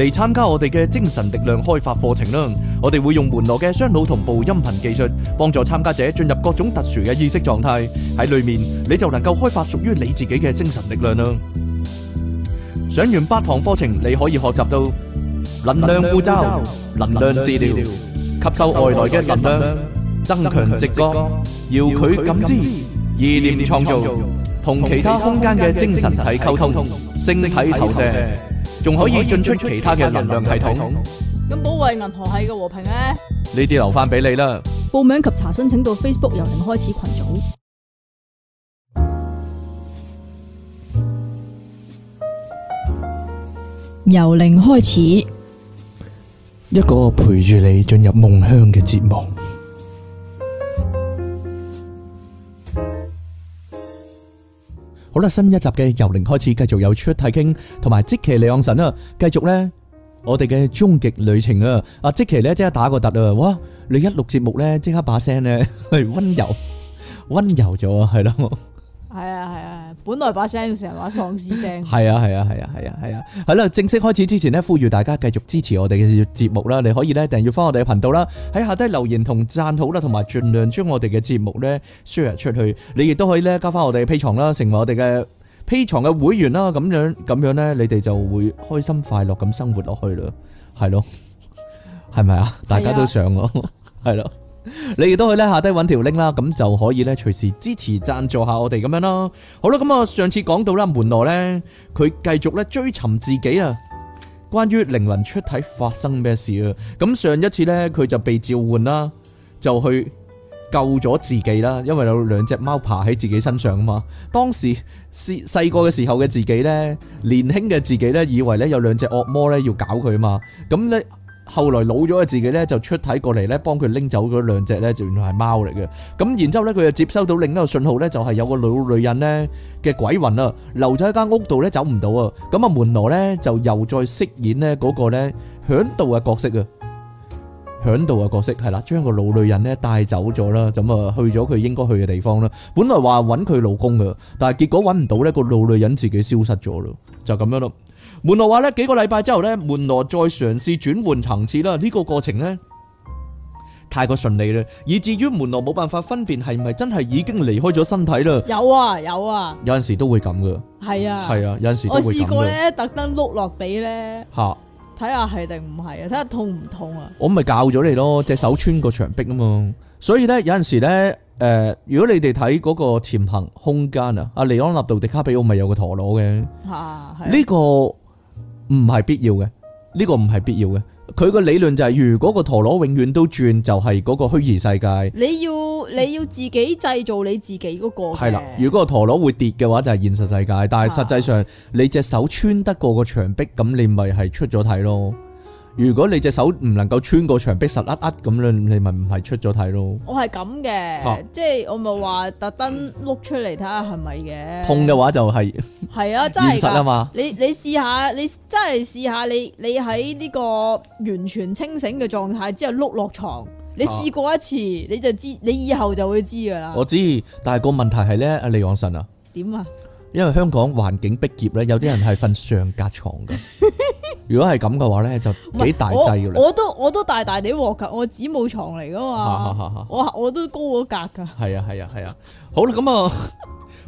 嚟參加我哋嘅精神力量開發課程啦！我哋會用門羅嘅雙腦同步音頻技術，幫助參加者進入各種特殊嘅意識狀態。喺裡面你就能夠開發屬於你自己嘅精神力量啦！上完八堂課程，你可以學習到能量護罩、能量治療、吸收外來嘅能量、增強直覺、遙距感知、意念創造、同其他空間嘅精神體溝通、星體投射。仲可以進出其他嘅能量系統。咁保衛銀河系嘅和平咧？呢啲留翻俾你啦。報名及查詢請到 Facebook 由零開始群組，由零開始，一個陪住你進入夢鄉嘅節目。好啦，新一集嘅由零開始繼續有出睇傾，同埋積奇李昂神啦，繼續咧我哋嘅終極旅程啊！啊，積奇咧即刻打個突啊！哇，你一錄節目咧即刻把聲咧係溫柔溫柔咗係咯，係啊係啊。本來把聲要成日話喪屍聲，係啊係啊係啊係啊係啊，係啦、啊啊啊啊啊啊！正式開始之前呢，呼籲大家繼續支持我哋嘅節目啦，你可以呢訂閱翻我哋嘅頻道啦，喺下低留言同讚好啦，同埋盡量將我哋嘅節目呢 share 出去，你亦都可以呢交翻我哋嘅披床啦，成為我哋嘅披床嘅會員啦，咁樣咁樣呢，你哋就會開心快樂咁生活落去啦，係咯、啊，係咪 啊？ 大家都想咯，係咯、 啊。 你亦都可以咧下低揾條 link 啦，咁就可以咧隨時支持讚助下我哋咁樣咯。好啦，咁我上次講到啦，門羅呢，佢繼續咧追尋自己啊，關於靈魂出體發生咩事啊。咁上一次呢，佢就被召喚啦，就去救咗自己啦，因為有兩隻貓爬喺自己身上啊嘛。當時細細個嘅時候嘅自己呢，年輕嘅自己呢，以為呢有兩隻惡魔呢要搞佢啊嘛，咁咧。後來老咗嘅自己咧就出體過嚟咧，幫佢拎走嗰兩隻咧，就原來係貓嚟嘅。咁然之後咧，佢又接收到另一個信號咧，就係有個老女人咧嘅鬼魂啊，留咗喺間屋度咧，走唔到啊。咁啊，門羅咧就又再飾演咧嗰個咧響度嘅角色啊，響度嘅角色係啦，將個老女人咧帶走咗啦，咁啊去咗佢應該去嘅地方啦。本來話搵佢老公嘅，但係結果搵唔到咧，個老女人自己消失咗咯，就咁樣咯。門羅話咧，幾個禮拜之後咧，門羅再嘗試轉換層次啦。呢個過程咧太過順利啦，以至於門羅冇辦法分辨係咪真係已經離開咗身體啦。有啊，有啊，有陣時都會咁噶。係啊，係啊，有陣時我試過咧，特登碌落地咧，吓睇下係定唔係啊，睇下痛唔痛啊。我咪教咗你咯，隻手穿過牆壁啊嘛。所以咧，有陣時咧，誒，如果你哋睇嗰個潛行空間啊，阿尼安納杜迪卡比奧咪有個陀螺嘅。吓，係，呢個。唔係必要嘅，呢、這個唔係必要嘅。佢個理論就係、是，如果個陀螺永遠都轉，就係、是、嗰個虛擬世界。你要你要自己製造你自己嗰個。係啦，如果個陀螺會跌嘅話，就係、是、現實世界。但係實際上，啊、你隻手穿得過個牆壁，咁你咪係出咗體咯。如果你隻手唔能夠穿過牆壁實一一咁樣，你咪唔係出咗體咯。我係咁嘅，啊、即係我咪係話特登碌出嚟睇下係咪嘅。是是痛嘅話就係、是。係啊，真實啊嘛！你你試下，你真係試下，你你喺呢個完全清醒嘅狀態之後碌落床，你試過一次你就知，你以後就會知噶啦。我知，但係個問題係咧，阿李養信啊，點啊？因為香港環境逼仄咧，有啲人係瞓上格床嘅。如果係咁嘅話咧，就幾大劑噶啦。我都我都大大地臥格，我子母床嚟噶嘛。我我都高我格噶。係啊係啊係啊，好啦咁啊。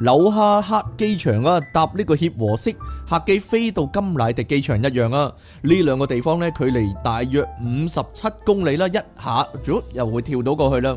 紐哈克機場啊，搭呢個協和式客機飛到甘迺迪機場一樣啊，呢兩個地方咧，距離大約五十七公里啦，一下就又會跳到過去啦。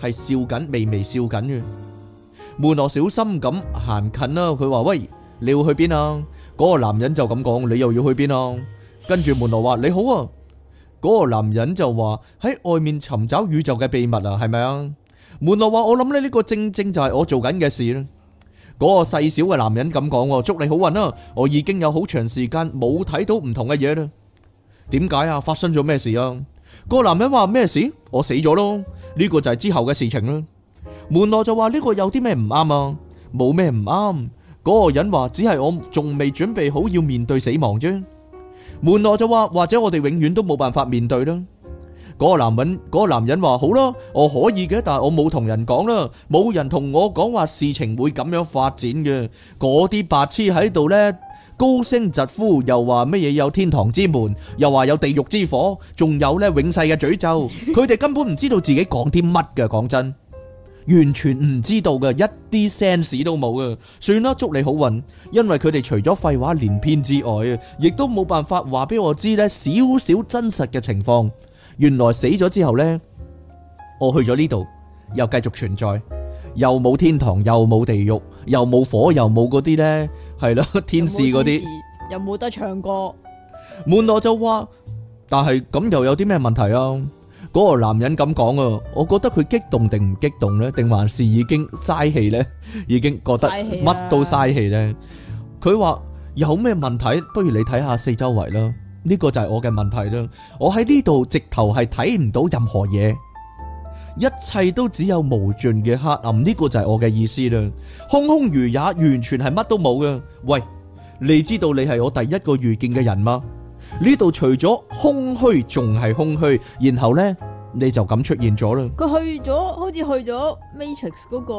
係笑緊，微微笑緊嘅。門羅小心咁行近啦，佢話喂，你要去邊啊？嗰個男人就咁講，你又要去邊啊？跟住，門羅話，你好啊，嗰個男人就話喺外面尋找宇宙嘅秘密啊，係咪啊？門羅話，我諗咧，呢個正正就係我做緊嘅事咧。嗰個細小嘅男人咁講，祝你好運啊，我已經有好長時間冇睇到唔同嘅嘢啦。點解啊？發生咗咩事啊？個男人話咩事？我死咗咯，呢、這個就係之後嘅事情啦。門諾就話呢、這個有啲咩唔啱啊？冇咩唔啱。嗰、那個人話只係我仲未準備好要面對死亡啫。門諾就話或者我哋永遠都冇辦法面對啦。嗰、那個男人嗰、那個男人話好咯，我可以嘅，但係我冇同人講啦，冇人同我講話事情會咁樣發展嘅。嗰啲白痴喺度呢。」高聲疾呼，又話乜嘢有天堂之門，又話有地獄之火，仲有呢永世嘅詛咒。佢哋 根本唔知道自己講啲乜嘅，講真，完全唔知道嘅，一啲 sense 都冇嘅。算啦，祝你好運。因為佢哋除咗廢話連篇之外亦都冇辦法話俾我知呢少少真實嘅情況。原來死咗之後呢，我去咗呢度，又繼續存在。又冇天堂，又冇地獄，又冇火，又冇嗰啲呢，係咯，天使嗰啲，又冇得唱歌，悶到就話，但係咁又有啲咩問題啊？嗰、嗰個男人咁講啊，我覺得佢激動定唔激動呢？定還是已經嘥氣呢？已經覺得乜都嘥氣呢？佢話、啊、有咩問題？不如你睇下四周圍啦，呢、呢個就係我嘅問題啦。我喺呢度直頭係睇唔到任何嘢。一切都只有無盡嘅黑暗，呢個就係我嘅意思啦。空空如也，完全係乜都冇嘅。喂，你知道你係我第一個遇見嘅人嗎？呢度除咗空虛，仲係空虛。然後呢，你就咁出現咗啦。佢去咗，好似去咗 Matrix 嗰個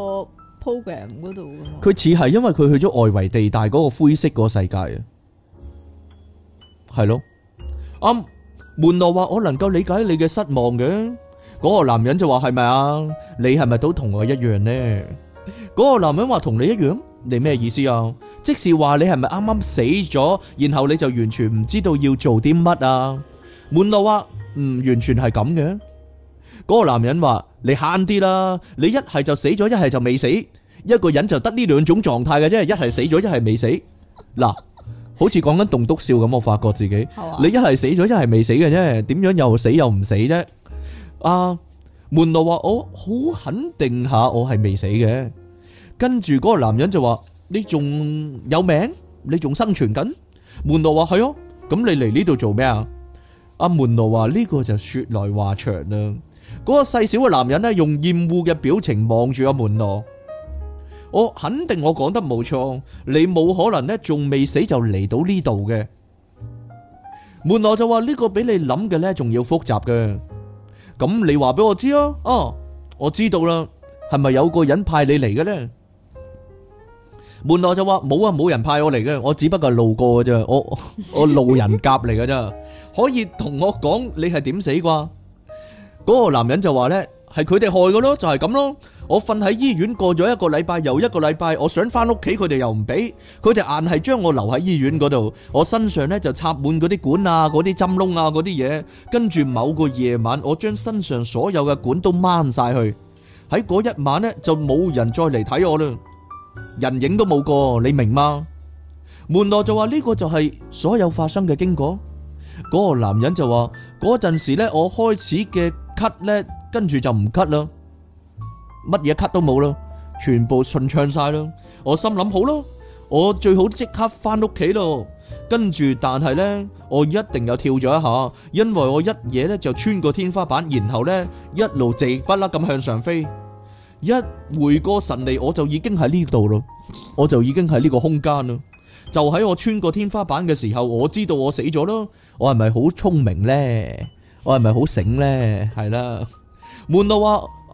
program 嗰度。佢似係因為佢去咗外圍地帶嗰個灰色嗰個世界啊。係咯，暗門羅話我能夠理解你嘅失望嘅。嗰個男人就話，係咪啊？你係咪都同我一樣呢？嗰個男人話，同你一樣，你咩意思啊？即是話你係咪啱啱死咗，然後你就完全唔知道要做啲乜啊？悶路啊，嗯，完全係咁嘅。嗰個男人話，你慳啲啦，你一係就死咗，一係就未死。一個人就得呢兩種狀態嘅啫，一係死咗，一係未死。嗱，好似講緊棟篤笑咁，我發覺自己、啊、你一係死咗，一係未死嘅啫，點樣又死又唔死啫？啊！門羅話我好肯定下，我係未死嘅。跟住嗰個男人就話：你仲有名？你仲生存緊？門羅話：係哦。咁你嚟呢度做咩啊？阿門羅話：呢個就說來話長啦。嗰個細小嘅男人呢，用厭惡嘅表情望住阿門羅。我肯定我講得冇錯，你冇可能呢仲未死就嚟到呢度嘅。門羅就話：呢個比你諗嘅呢，仲要複雜嘅。咁你話俾我知咯。哦、啊，我知道啦，係咪有個人派你嚟嘅咧？門內就話冇啊，冇人派我嚟嘅，我只不過路過嘅啫，我我路人甲嚟嘅啫， 可以同我講你係點死啩？嗰、嗰個男人就話咧，係佢哋害嘅、就係、咯，就係咁咯。我瞓喺醫院過咗一個禮拜又一個禮拜，我想翻屋企，佢哋又唔俾，佢哋硬係將我留喺醫院嗰度。我身上咧就插滿嗰啲管啊、嗰啲針窿啊、嗰啲嘢。跟住某個夜晚，我將身上所有嘅管都掹晒去。喺嗰一晚咧就冇人再嚟睇我啦，人影都冇個，你明嗎？門羅就話呢個就係所有發生嘅經過。嗰個男人就話嗰陣時咧我開始嘅咳咧，跟住就唔咳啦。乜嘢卡都冇咯，全部順暢晒咯。我心諗好咯，我最好即刻返屋企咯。跟住，但係呢，我一定又跳咗一下，因為我一嘢呢就穿過天花板，然後呢一路直不甩咁向上飛。一回過神嚟，我就已經喺呢度咯，我就已經喺呢個空間咯。就喺我穿過天花板嘅時候，我知道我死咗咯。我係咪好聰明呢？我係咪好醒呢？係啦，門路啊！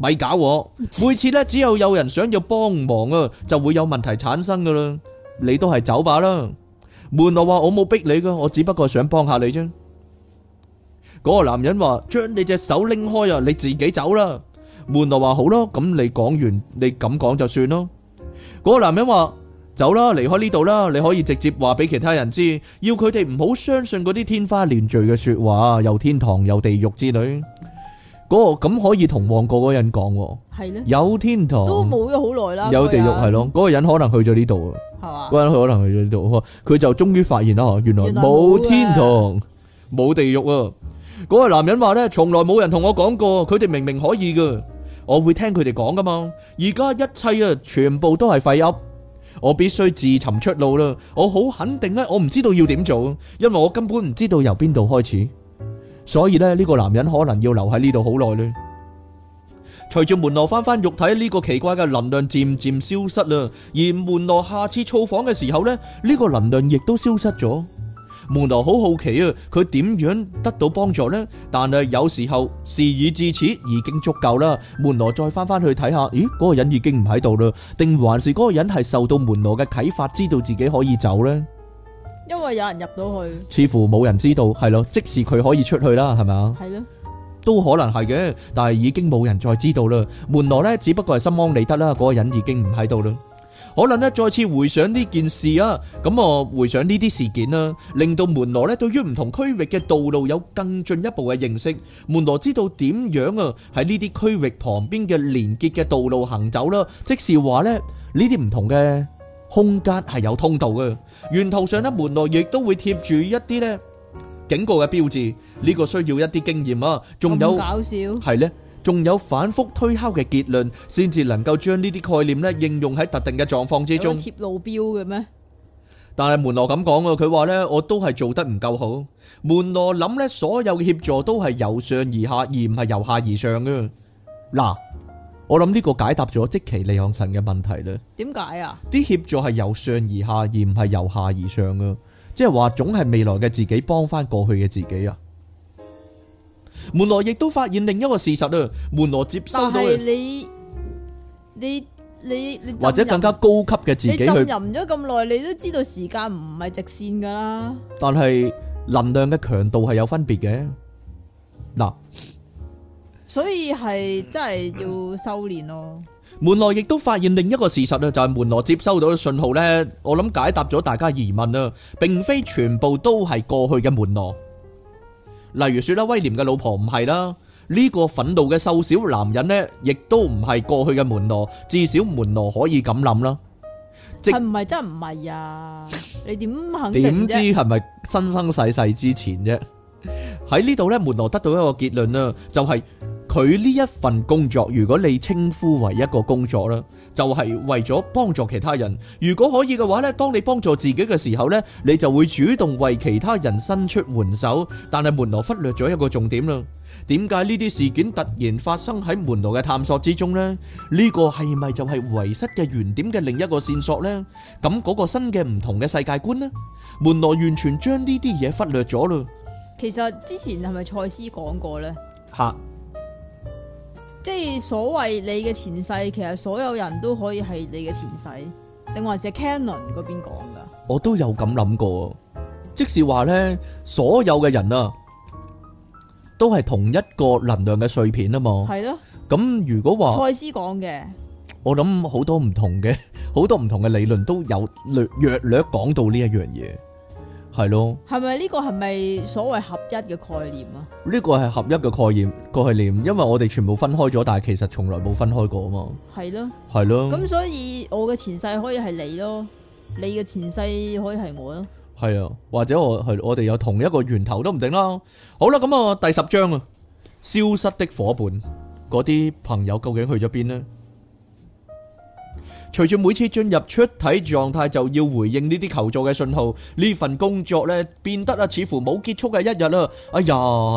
咪搞我！每次咧，只有有人想要幫忙啊，就會有問題產生噶啦。你都係走吧啦。門羅話我冇逼你噶，我只不過想幫下你啫。嗰個男人話：將你隻手拎開啊，你自己走啦。門羅話：好咯，咁你講完，你咁講就算咯。嗰個男人話：走啦，離開呢度啦。你可以直接話俾其他人知，要佢哋唔好相信嗰啲天花亂墜嘅說話，又天堂又地獄之類。嗰個咁可以同旺角嗰人講喎，係咧有天堂都冇咗好耐啦，有地獄，係咯，嗰個人可能去咗呢度，係嘛，嗰人去可能去咗呢度，佢就終於發現啦，原來冇天堂，冇地獄啊！嗰個男人話咧，從來冇人同我講過，佢哋明明可以噶，我會聽佢哋講噶嘛，而家一切啊，全部都係廢 up，我必須自尋出路啦，我好肯定咧，我唔知道要點做，因為我根本唔知道由邊度開始。所以咧，呢個男人可能要留喺呢度好耐咧。隨住門羅翻翻肉體呢個奇怪嘅能量漸漸消失啦，而門羅下次造訪嘅時候咧，呢個能量亦都消失咗。門羅好好奇啊，佢點樣得到幫助呢？但係有時候事已至此，已經足夠啦。門羅再翻翻去睇下，咦，嗰個人已經唔喺度啦，定還是嗰個人係受到門羅嘅啟發，知道自己可以走呢？因為有人入到去，似乎冇人知道，係咯？即使佢可以出去啦，係咪啊？係咯，都可能係嘅，但係已經冇人再知道啦。門羅咧，只不過係心安理得啦，嗰個人已經唔喺度啦。可能咧，再次回想呢件事啊，咁啊，回想呢啲事件啦，令到門羅咧，對於唔同區域嘅道路有更進一步嘅認識。門羅知道點樣啊？喺呢啲區域旁邊嘅連結嘅道路行走啦。即是話咧，呢啲唔同嘅。空間係有通道嘅，沿途上咧，門羅亦都會貼住一啲咧，警告嘅標誌。呢個需要一啲經驗啊，仲有係咧，仲有反覆推敲嘅結論，先至能夠將呢啲概念咧，應用喺特定嘅狀況之中。貼路標嘅咩？但係門羅咁講啊，佢話咧，我都係做得唔夠好。門羅諗咧，所有嘅協助都係由上而下，而唔係由下而上嘅。嗱。我諗呢個解答咗即其利昂神嘅問題啦。點解啊？啲協助係由上而下，而唔係由下而上噶。即係話總係未來嘅自己幫翻過去嘅自己啊。門羅亦都發現另一個事實啊。門羅接收到，但係你你你你或者更加高級嘅自己去浸淫咗咁耐，你都知道時間唔係直線噶啦。但係能量嘅強度係有分別嘅。嗱。所以係真係要修煉咯。門羅亦都發現另一個事實咧，就係門羅接收到嘅信號咧，我諗解答咗大家疑問啦，並非全部都係過去嘅門羅。例如說啦，威廉嘅老婆唔係啦，呢個憤怒嘅瘦小男人咧，亦都唔係過去嘅門羅。至少門羅可以咁諗啦。係唔係真唔係啊？你點肯定啫？點知係咪生生世世之前啫？喺呢度咧，門羅得到一個結論啦，就係。佢呢一份工作，如果你稱呼為一個工作啦，就係為咗幫助其他人。如果可以嘅話咧，當你幫助自己嘅時候咧，你就會主動為其他人伸出援手。但係門羅忽略咗一個重點啦。點解呢啲事件突然發生喺門羅嘅探索之中咧？呢個係咪就係遺失嘅原點嘅另一個線索咧？咁嗰個新嘅唔同嘅世界觀咧？門羅完全將呢啲嘢忽略咗咯。其實之前係咪賽斯講過咧？吓。即係所謂你嘅前世，其實所有人都可以係你嘅前世，定或者 Canon 嗰邊講噶？我都有咁諗過，即是話咧，所有嘅人啊，都係同一個能量嘅碎片啊嘛。係咯的。咁如果話……蔡司講嘅，我諗好多唔同嘅，好多唔同嘅理論都有略略講到呢一樣嘢。係咯，係咪呢個係咪所謂合一嘅概念啊？呢個係合一嘅概念個概念，因為我哋全部分開咗，但係其實從來冇分開過啊嘛。係咯的，係咯的，咁所以我嘅前世可以係你咯，你嘅前世可以係我咯，係啊，或者我係我哋有同一個源頭都唔定啦。好啦，咁啊第十章啊，消失的伙伴，嗰啲朋友究竟去咗邊呢？隨住每次進入出體狀態，就要回應呢啲求助嘅信號，呢份工作咧變得啊，似乎冇結束嘅一日啦。哎呀，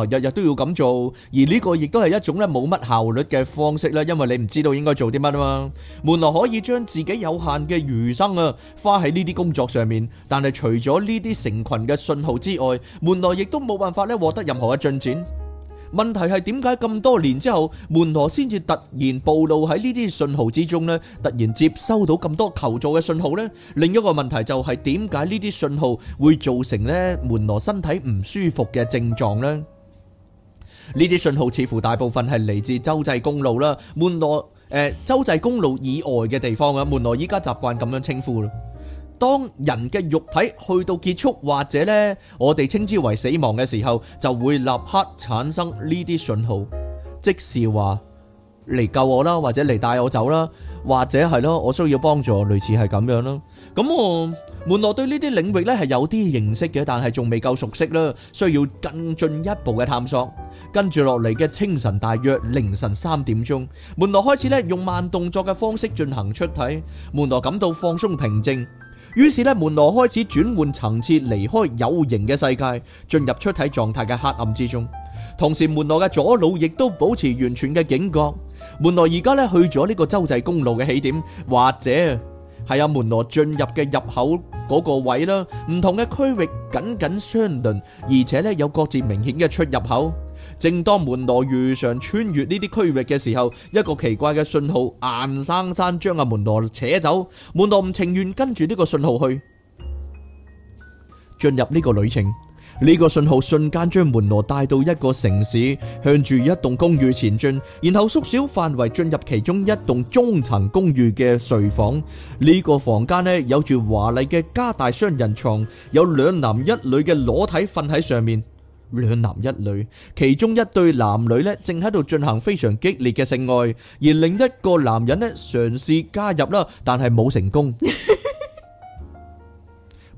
日日都要咁做，而呢個亦都係一種咧冇乜效率嘅方式啦。因為你唔知道應該做啲乜啊嘛。門羅可以將自己有限嘅餘生啊花喺呢啲工作上面，但係除咗呢啲成群嘅信號之外，門羅亦都冇辦法咧獲得任何嘅進展。問題係點解咁多年之後，門羅先至突然暴露喺呢啲信號之中咧？突然接收到咁多求助嘅信號咧？另一個問題就係點解呢啲信號會造成咧門羅身體唔舒服嘅症狀咧？呢啲信號似乎大部分係嚟自州際公路啦，門羅誒，州際公路以外嘅地方啊，門羅依家習慣咁樣稱呼啦。當人嘅肉體去到結束，或者呢，我哋稱之為死亡嘅時候，就會立刻產生呢啲信號，即是話，嚟救我啦，或者嚟帶我走啦，或者係咯，我需要幫助，類似係咁樣啦。咁我門羅對呢啲領域呢係有啲認識嘅，但係仲未夠熟悉啦，需要更進一步嘅探索。跟住落嚟嘅清晨，大約凌晨三點鐘，門羅開始呢用慢動作嘅方式進行出體。門羅感到放鬆平靜。於是咧，門羅開始轉換層次，離開有形嘅世界，進入出體狀態嘅黑暗之中。同時，門羅嘅左腦亦都保持完全嘅警覺。門羅而家咧去咗呢個洲際公路嘅起點，或者。係阿門羅進入嘅入口嗰個位啦，唔同嘅區域緊緊相鄰，而且呢有各自明顯嘅出入口。正當門羅遇上穿越呢啲區域嘅時候，一個奇怪嘅信號硬生生將阿門羅扯走，門羅唔情願跟住呢個信號去進入呢個旅程。呢個信號瞬間將門羅帶到一個城市，向住一棟公寓前進，然後縮小範圍進入其中一棟中層公寓嘅睡房。呢、這個房間呢有住華麗嘅加大雙人床，有兩男一女嘅裸體瞓喺上面。兩男一女，其中一對男女呢正喺度進行非常激烈嘅性愛，而另一個男人呢嘗試加入啦，但係冇成功。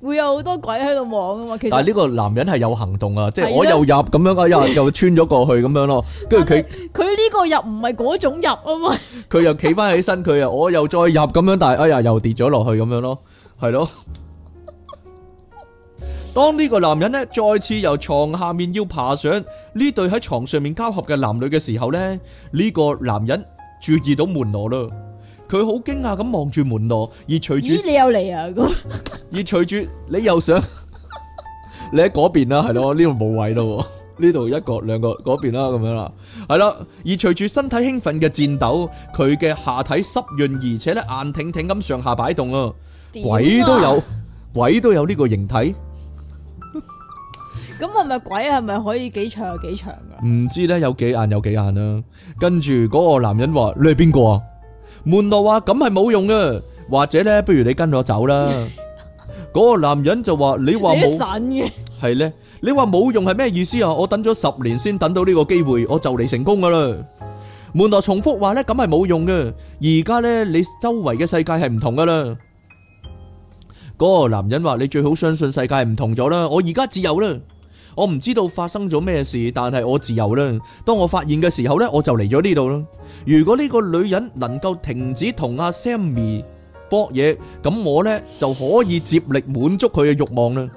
會有好多鬼喺度望啊嘛，其實但係呢個男人係有行動啊，即係我又入咁樣啊，又又穿咗過去咁樣咯，跟住佢佢呢個入唔係嗰種入啊嘛，佢又企翻起身，佢啊我又再入咁樣，但係哎呀又跌咗落去咁樣咯，係咯。當呢個男人咧再次由床下面要爬上呢對喺床上面交合嘅男女嘅時候咧，呢個男人注意到門羅啦。佢好驚訝咁望住門內，而隨住咦你又嚟啊！而隨住你又想你喺嗰邊啦，係咯？呢度冇位咯，呢度一個兩個嗰邊啦，咁樣啦，係啦。而隨住身體興奮嘅顫抖，佢嘅下體濕潤，而且咧硬挺挺咁上下擺動啊！鬼都有，鬼都有呢個形體。咁係咪鬼係咪可以幾長有幾長噶？唔知咧，有幾硬有幾硬啊。跟住嗰個男人話：你係邊個啊？門羅話，咁係冇用嘅，或者咧，不如你跟我走啦。嗰 個男人就話，你話冇係咧，你話冇 用係咩意思啊？我等咗十年先等到呢個機會，我就嚟成功噶啦。門羅重複話咧，咁係冇用嘅。而家咧，你周圍嘅世界係唔同噶啦。嗰 個男人話，你最好相信世界係唔同咗啦，我而家自由啦。我唔知道發生咗咩事，但係我自由啦。當我發現嘅時候呢，我就嚟咗呢度啦。如果呢個女人能夠停止同阿 Sammy 搏嘢，咁我呢就可以接力滿足佢嘅欲望啦。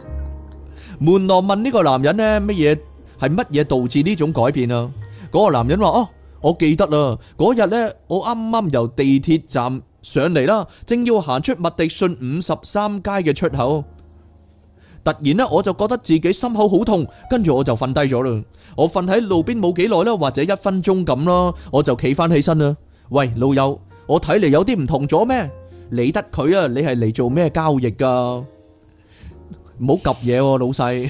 門羅問呢個男人呢，乜嘢係乜嘢導致呢種改變啊？嗰個男人話：哦，我記得啦，嗰日呢，我啱啱由地鐵站上嚟啦，正要行出麥迪遜五十三街嘅出口。突然咧，我就覺得自己心口好痛，跟住我就瞓低咗啦。我瞓喺路邊冇幾耐啦，或者一分鐘咁啦，我就企返起身啦。喂，老友，我睇嚟有啲唔同咗咩？理得佢 啊？你係嚟做咩交易噶？唔好噏嘢，老細。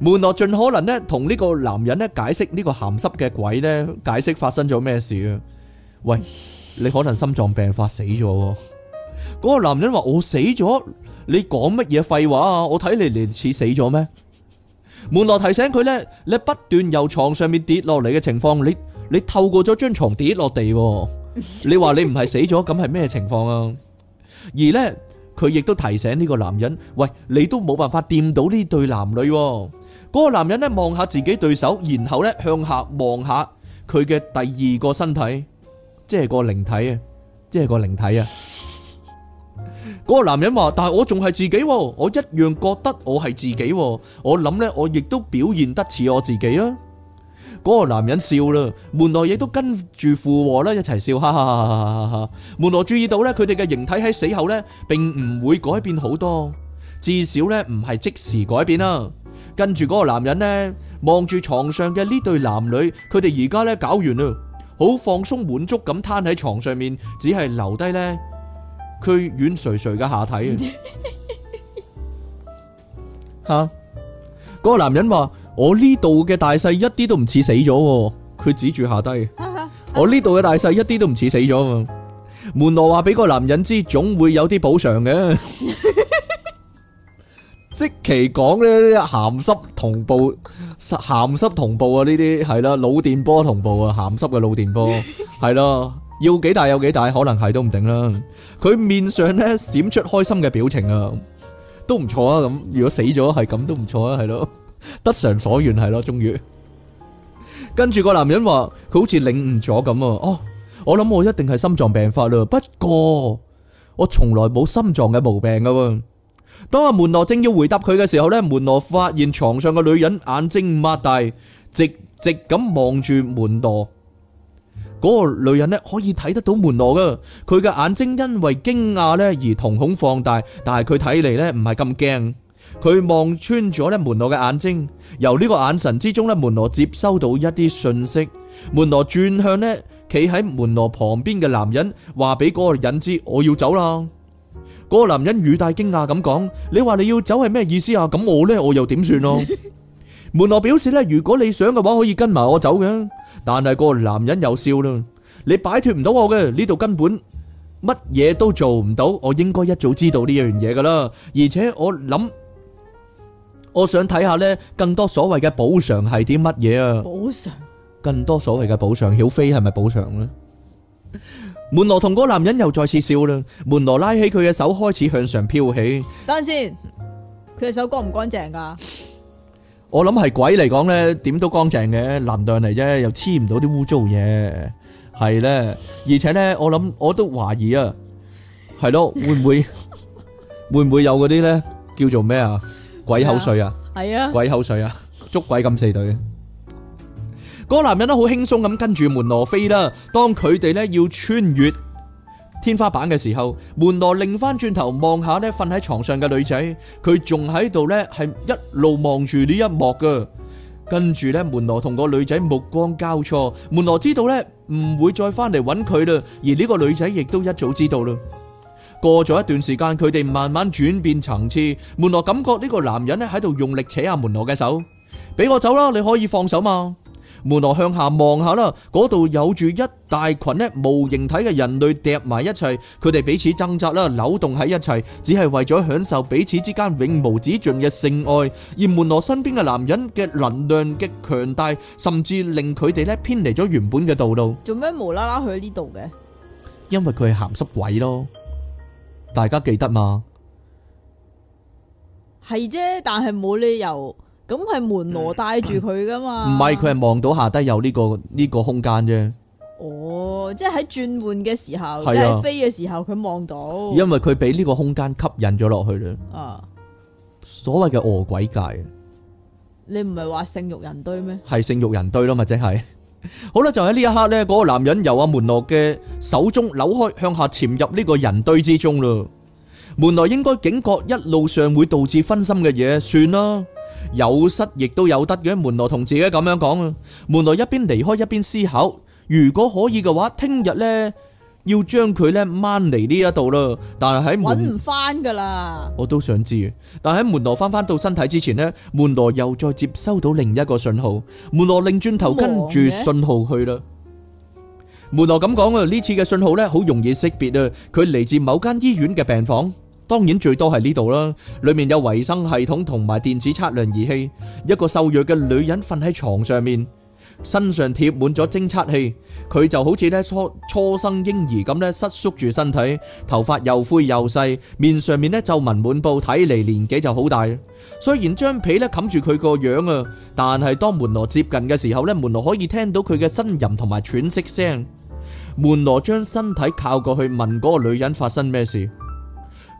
門諾盡可能呢，同呢個男人咧解釋呢個鹹濕嘅鬼呢，解釋發生咗咩事啊？ 喂，你可能心臟病發死咗。嗰 個男人話我死咗。你講乜嘢廢話啊！我睇你連似死咗咩？門羅提醒佢呢：「你不斷由床上面跌落嚟嘅情況，你你透過咗張床跌落地，你話你唔係死咗，咁係咩情況啊？而呢，佢亦都提醒呢個男人，喂，你都冇辦法掂到呢對男女。嗰、那個男人呢望下自己對手，然後呢向下望下佢嘅第二個身體，即係個靈體啊，即係個靈體啊。嗰個男人話：但係我仲係自己，我一樣覺得我係自己。我諗呢，我亦都表現得似我自己啊！嗰、那個男人笑啦，門羅亦都跟住附和啦，一齊笑，哈哈哈哈哈哈！門羅注意到呢，佢哋嘅形體喺死後呢並唔會改變好多，至少呢唔係即時改變啦。跟住嗰個男人呢，望住床上嘅呢對男女，佢哋而家呢搞完啦，好放鬆滿足咁攤喺床上面，只係留低呢。佢軟垂垂嘅下體吓，嗰個男人話：我呢度嘅大細一啲都唔似死咗。佢指住下低，我呢度嘅大細一啲都唔似死咗啊！門羅話俾個男人知，總會有啲補償嘅。即係講呢啲鹹濕同步、鹹濕同步啊！呢啲係啦，腦電波同步啊，鹹濕嘅腦電波係咯。要幾大有幾大，可能係都唔定啦。佢面上咧閃出開心嘅表情啊，都唔錯啊。咁如果死咗係咁都唔錯啊，係咯， 得償所願係咯，終於。 跟住個男人話佢好似領悟咗咁啊，哦，我諗我一定係心臟病發啦。不過我從來冇心臟嘅毛病噶。當阿門羅正要回答佢嘅時候咧，門羅發現床上個女人眼睛擘大，直直咁望住門羅。嗰個女人咧可以睇得到門羅噶佢嘅眼睛因為驚訝咧而瞳孔放大，但係佢睇嚟咧唔係咁驚，佢望穿咗咧門羅嘅眼睛，由呢個眼神之中咧門羅接收到一啲訊息，門羅轉向咧企喺門羅旁邊嘅男人，話俾嗰個人知，我要走啦。嗰個男人語帶驚訝咁講：你話你要走係咩意思啊？咁我呢，我又點算囉？門羅表示咧，如果你想嘅話，可以跟埋我走嘅。但係個男人又笑啦，你擺脫唔到我嘅，呢度根本乜嘢都做唔到。我應該一早知道呢樣嘢噶啦。而且我諗，我想睇下呢，更多所謂嘅補償係啲乜嘢啊？補償？更多所謂嘅補償，曉飛係咪補償呢？門羅同個男人又再次笑啦。門羅拉起佢嘅手，開始向上飄起。等陣先，佢嘅手乾唔乾淨噶？我諗係鬼嚟講咧，點都乾淨嘅能量嚟啫，又黐唔到啲污糟嘢，係咧。而且咧，我諗我都懷疑啊，係咯，會唔會 會唔會有嗰啲咧叫做咩啊鬼口水啊，係啊，鬼口水啊，捉鬼咁四隊。 個男人都好輕鬆咁跟住門羅飛啦，當佢哋咧要穿越。天花板嘅時候，門羅擰翻轉頭望下呢瞓喺床上嘅女仔，佢仲喺度呢係一路望住呢一幕㗎。跟住呢，門羅同個女仔目光交錯，門羅知道呢唔會再翻嚟揾佢啦，而呢個女仔亦都一早知道啦。過咗一段時間，佢哋慢慢轉變層次，門羅感覺呢個男人呢喺度用力扯下門羅嘅手，「俾我走啦，你可以放手嘛。」門羅向下望下啦，嗰度有住一大群呢無形體嘅人類疊埋一齊，佢哋彼此掙扎啦，扭動喺一齊，只係為咗享受彼此之間永無止盡嘅性愛。而門羅身邊嘅男人嘅能量極強大，甚至令佢哋呢偏離咗原本嘅道路。做咩無啦啦去呢度嘅？因為佢係鹹濕鬼咯，大家記得嘛？係啫，但係冇理由。咁係門羅帶住佢噶嘛？唔係，佢係望到下低有呢個呢個空間啫。哦，即係喺轉換嘅時候，即係飛嘅時候，佢望到。因為佢俾呢個空間吸引咗落去啦。啊，所謂嘅餓鬼界，你唔係話性欲人堆咩？係性欲人堆咯，咪即係。好啦，就喺呢一刻咧，嗰個男人由阿門羅嘅手中扭開，向下潛入呢個人堆之中啦。門羅應該警覺一路上會導致分心嘅嘢，算啦。有失亦都有得嘅，門羅同自己咁樣講啊。門羅一邊離開一邊思考，如果可以嘅話，聽日呢，要將佢呢掹嚟呢一度啦。但係喺搵唔翻噶啦。我都想知，但係喺門羅翻翻到身體之前呢，門羅又再接收到另一個信號，門羅擰轉頭跟住信號去啦。門羅咁講啊，呢次嘅信號呢，好容易識別啊，佢嚟自某間醫院嘅病房。當然最多係呢度啦，裏面有維生系統同埋電子測量儀器。一個瘦弱嘅女人瞓喺床上面，身上貼滿咗偵測器。佢就好似咧初初生嬰兒咁咧，瑟縮住身體，頭髮又灰又細，面上面咧皺紋滿布，睇嚟年紀就好大。雖然張被咧冚住佢個樣啊，但係當門羅接近嘅時候咧，門羅可以聽到佢嘅呻吟同埋喘息聲。門羅將身體靠過去，問嗰個女人發生咩事。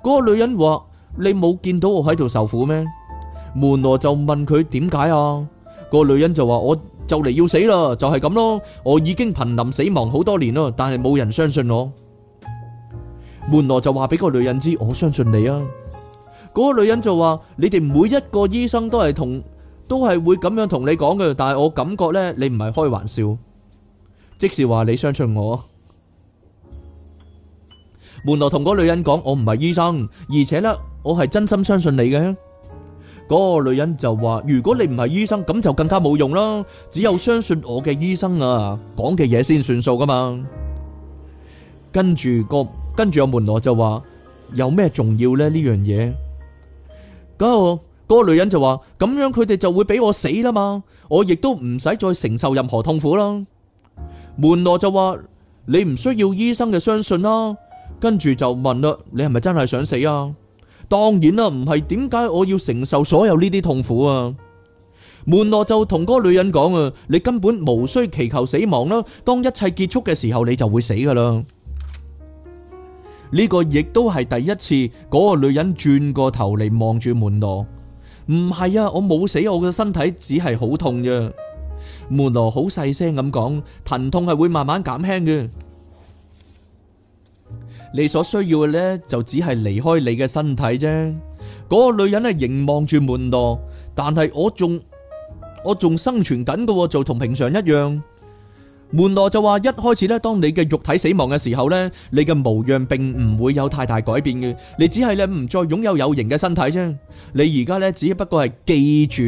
嗰個女人話：你冇見到我喺度受苦咩？門羅就問佢點解啊？嗰個女人就話：我就嚟要死啦，就係咁咯，我已經瀕臨死亡好多年啦，但係冇人相信我。門羅就話俾個女人知：我相信你啊。嗰個女人就話：你哋每一個醫生都係同都係會咁樣同你講嘅，但係我感覺呢，你唔係開玩笑，即係話你相信我。門羅同嗰個女人講：我唔係醫生，而且咧，我係真心相信你嘅。嗰、嗰個女人就話：如果你唔係醫生，咁就更加冇用啦。只有相信我嘅醫生啊，講嘅嘢先算數噶嘛。跟住、個跟住個門羅就話：有咩重要呢呢樣嘢？咁、個個嗰個女人就話：咁樣佢哋就會俾我死啦嘛，我亦都唔使再承受任何痛苦啦。門羅就話：你唔需要醫生嘅相信啦。跟住就問啦，你係咪真係想死啊？當然啦，唔係。點解我要承受所有呢啲痛苦啊？門羅就同嗰個女人講啊，你根本無需祈求死亡啦，當一切結束嘅時候，你就會死噶啦。呢個亦都係第一次，嗰個女人轉過頭嚟望住門羅。唔係啊，我冇死，我嘅身體只係好痛啫。門羅好細聲咁講，疼痛係會慢慢減輕嘅。你所需要嘅呢，就只係離開你嘅身體啫。嗰、那個女人呢，凝望住門羅，但係我仲我仲生存緊噶，就同平常一樣。門羅就話一開始呢，當你嘅肉體死亡嘅時候呢，你嘅模樣並唔會有太大改變嘅。你只係你唔再擁有有形嘅身體啫。你而家呢，只不過係記住，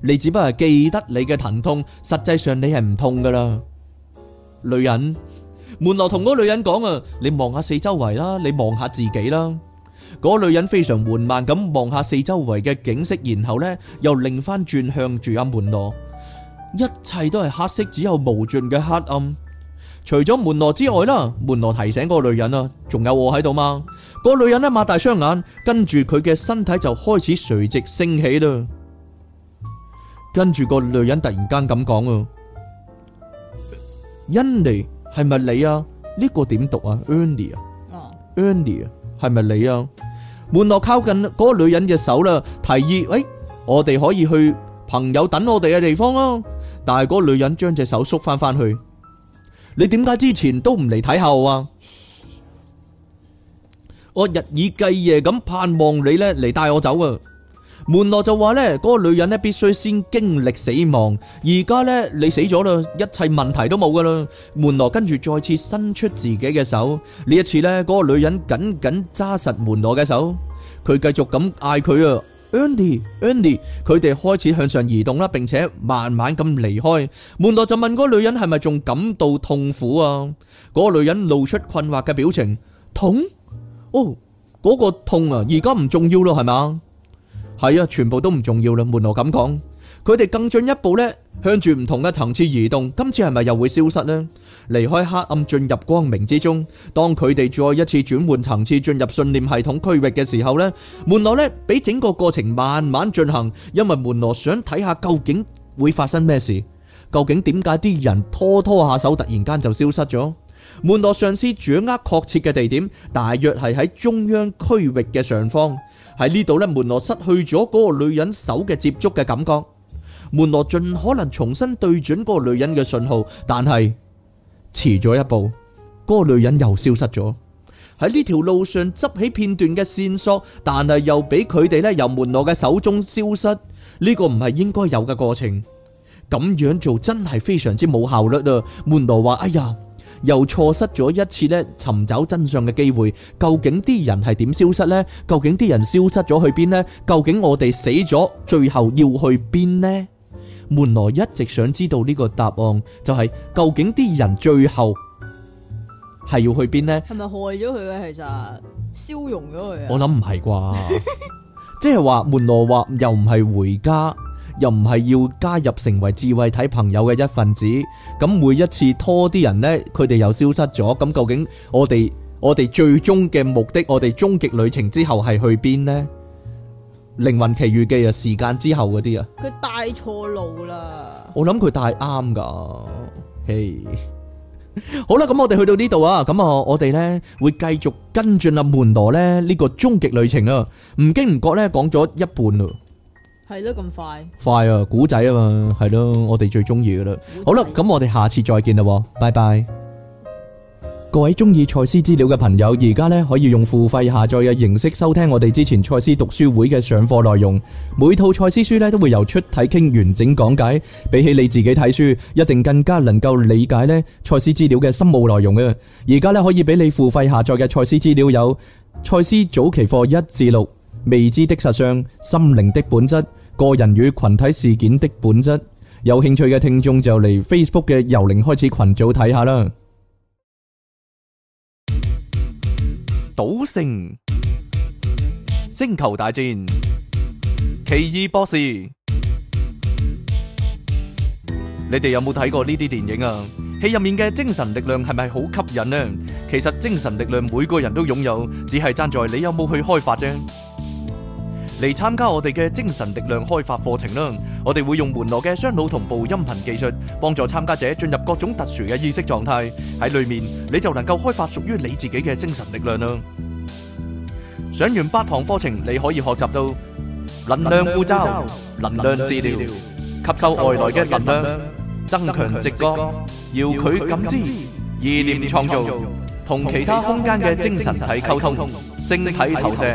你只不過係記得你嘅疼痛，實際上你係唔痛噶啦，女人。門羅同嗰女人講啊，你望下四周圍啦，你望下自己啦。嗰女人非常緩慢咁望下四周圍嘅景色，然後呢，又擰翻轉向住阿門羅。一切都係黑色，只有無盡嘅黑暗。除咗門羅之外啦，門羅提醒嗰個女人啊，仲有我喺度嘛。嗰女人呢，擘大雙眼，跟住佢嘅身體就開始垂直升起啦。跟住個女人突然間咁講啊，恩妮。係咪你啊？呢個點讀啊？Andy 啊，Andy 啊，係咪你啊？門羅靠近嗰個女人隻手啦，提議：哎，我哋可以去朋友等我哋嘅地方咯。但係嗰個女人將隻手縮翻翻去。你點解之前都唔嚟睇候啊？我日以繼夜咁盼望你咧嚟帶我走啊！門羅就話呢，嗰個女人咧，必須先經歷死亡。而家呢，你死咗啦，一切問題都冇噶啦。門羅跟住再次伸出自己嘅手，呢一次呢，嗰個女人緊緊揸實門羅嘅手。佢繼續咁嗌佢啊，Andy，Andy。佢哋開始向上移動啦，並且慢慢咁離開。門羅就問嗰個女人係咪仲感到痛苦啊？嗰個女人露出困惑嘅表情，痛哦，嗰個痛啊，而家唔重要啦，係嘛？係啊，全部都唔重要啦。門羅咁講，佢哋更進一步呢，向住唔同嘅層次移動。今次係咪又會消失呢？離開黑暗，進入光明之中。當佢哋再一次轉換層次，進入信念系統區域嘅時候呢，門羅呢，俾整個過程慢慢進行，因為門羅想睇下究竟會發生咩事，究竟點解啲人拖拖下手，突然間就消失咗？門羅上司掌握確切嘅地點，大約係喺中央區域嘅上方。喺呢度咧，門羅失去咗嗰個女人手嘅接觸嘅感覺。門羅盡可能重新對準嗰個女人嘅信號，但係遲咗一步，嗰、那個女人又消失咗。喺呢條路上執起片段嘅線索，但係又俾佢哋咧由門羅嘅手中消失。呢、這個唔係應該有嘅過程，咁樣做真係非常之冇效率啊！門羅話：哎呀！又錯失咗一次咧，尋找真相嘅機會，究竟啲人係點消失呢？究竟啲人消失咗去邊呢？究竟我哋死咗最後要去邊呢？門羅一直想知道呢個答案，就係、是、究竟啲人最後係要去邊呢？係咪害咗佢咧？其實消融咗佢啊？是是，啊啊，我諗唔係啩？即係話，門羅話又唔係回家。又唔係要加入成為智慧體朋友嘅一份子，咁每一次拖啲人咧，佢哋又消失咗。咁究竟我哋我哋最終嘅目的，我哋終極旅程之後係去邊咧？靈魂奇遇嘅啊，時間之後嗰啲啊，佢帶錯路啦。我諗佢帶啱噶，嘿。好啦，咁我哋去到呢度啊，咁啊，我哋咧會繼續跟進阿門羅咧呢個終極旅程啦。唔經唔覺咧講咗一半啦。係咯，咁快快啊！仔啊古仔啊嘛，係咯，我哋最中意噶啦。好啦，咁我哋下次再見啦，拜拜！各位中意賽斯資料嘅朋友，而家呢可以用付費下載嘅形式收聽我哋之前賽斯讀書會嘅上課內容。每套賽斯書呢，都會由出體傾完整講解，比起你自己睇書，一定更加能夠理解呢賽斯資料嘅深奧內容嘅。而家呢，可以俾你付費下載嘅賽斯資料有賽斯早期課一至六，《未知的實相》，《心靈的本質》。個人與群體事件的本質，有興趣嘅聽眾就嚟 Facebook 嘅由零開始群組睇下啦。賭聖、星球大戰、奇異博士，你哋有冇睇過呢啲電影啊？戲入面嘅精神力量係咪好吸引咧？其實精神力量每個人都擁有，只係爭在你有冇去開發啫。嚟參加我哋嘅精神力量開發課程啦！我哋會用門羅嘅雙腦同步音頻技術，幫助參加者進入各種特殊嘅意識狀態。喺裏面，你就能夠開發屬於你自己嘅精神力量啦！上完八堂課程，你可以學習到能量護罩、能量治療、吸收外來嘅能量、增強直覺、遙距感知、意念創造、同其他空間嘅精神體溝通、星體投射。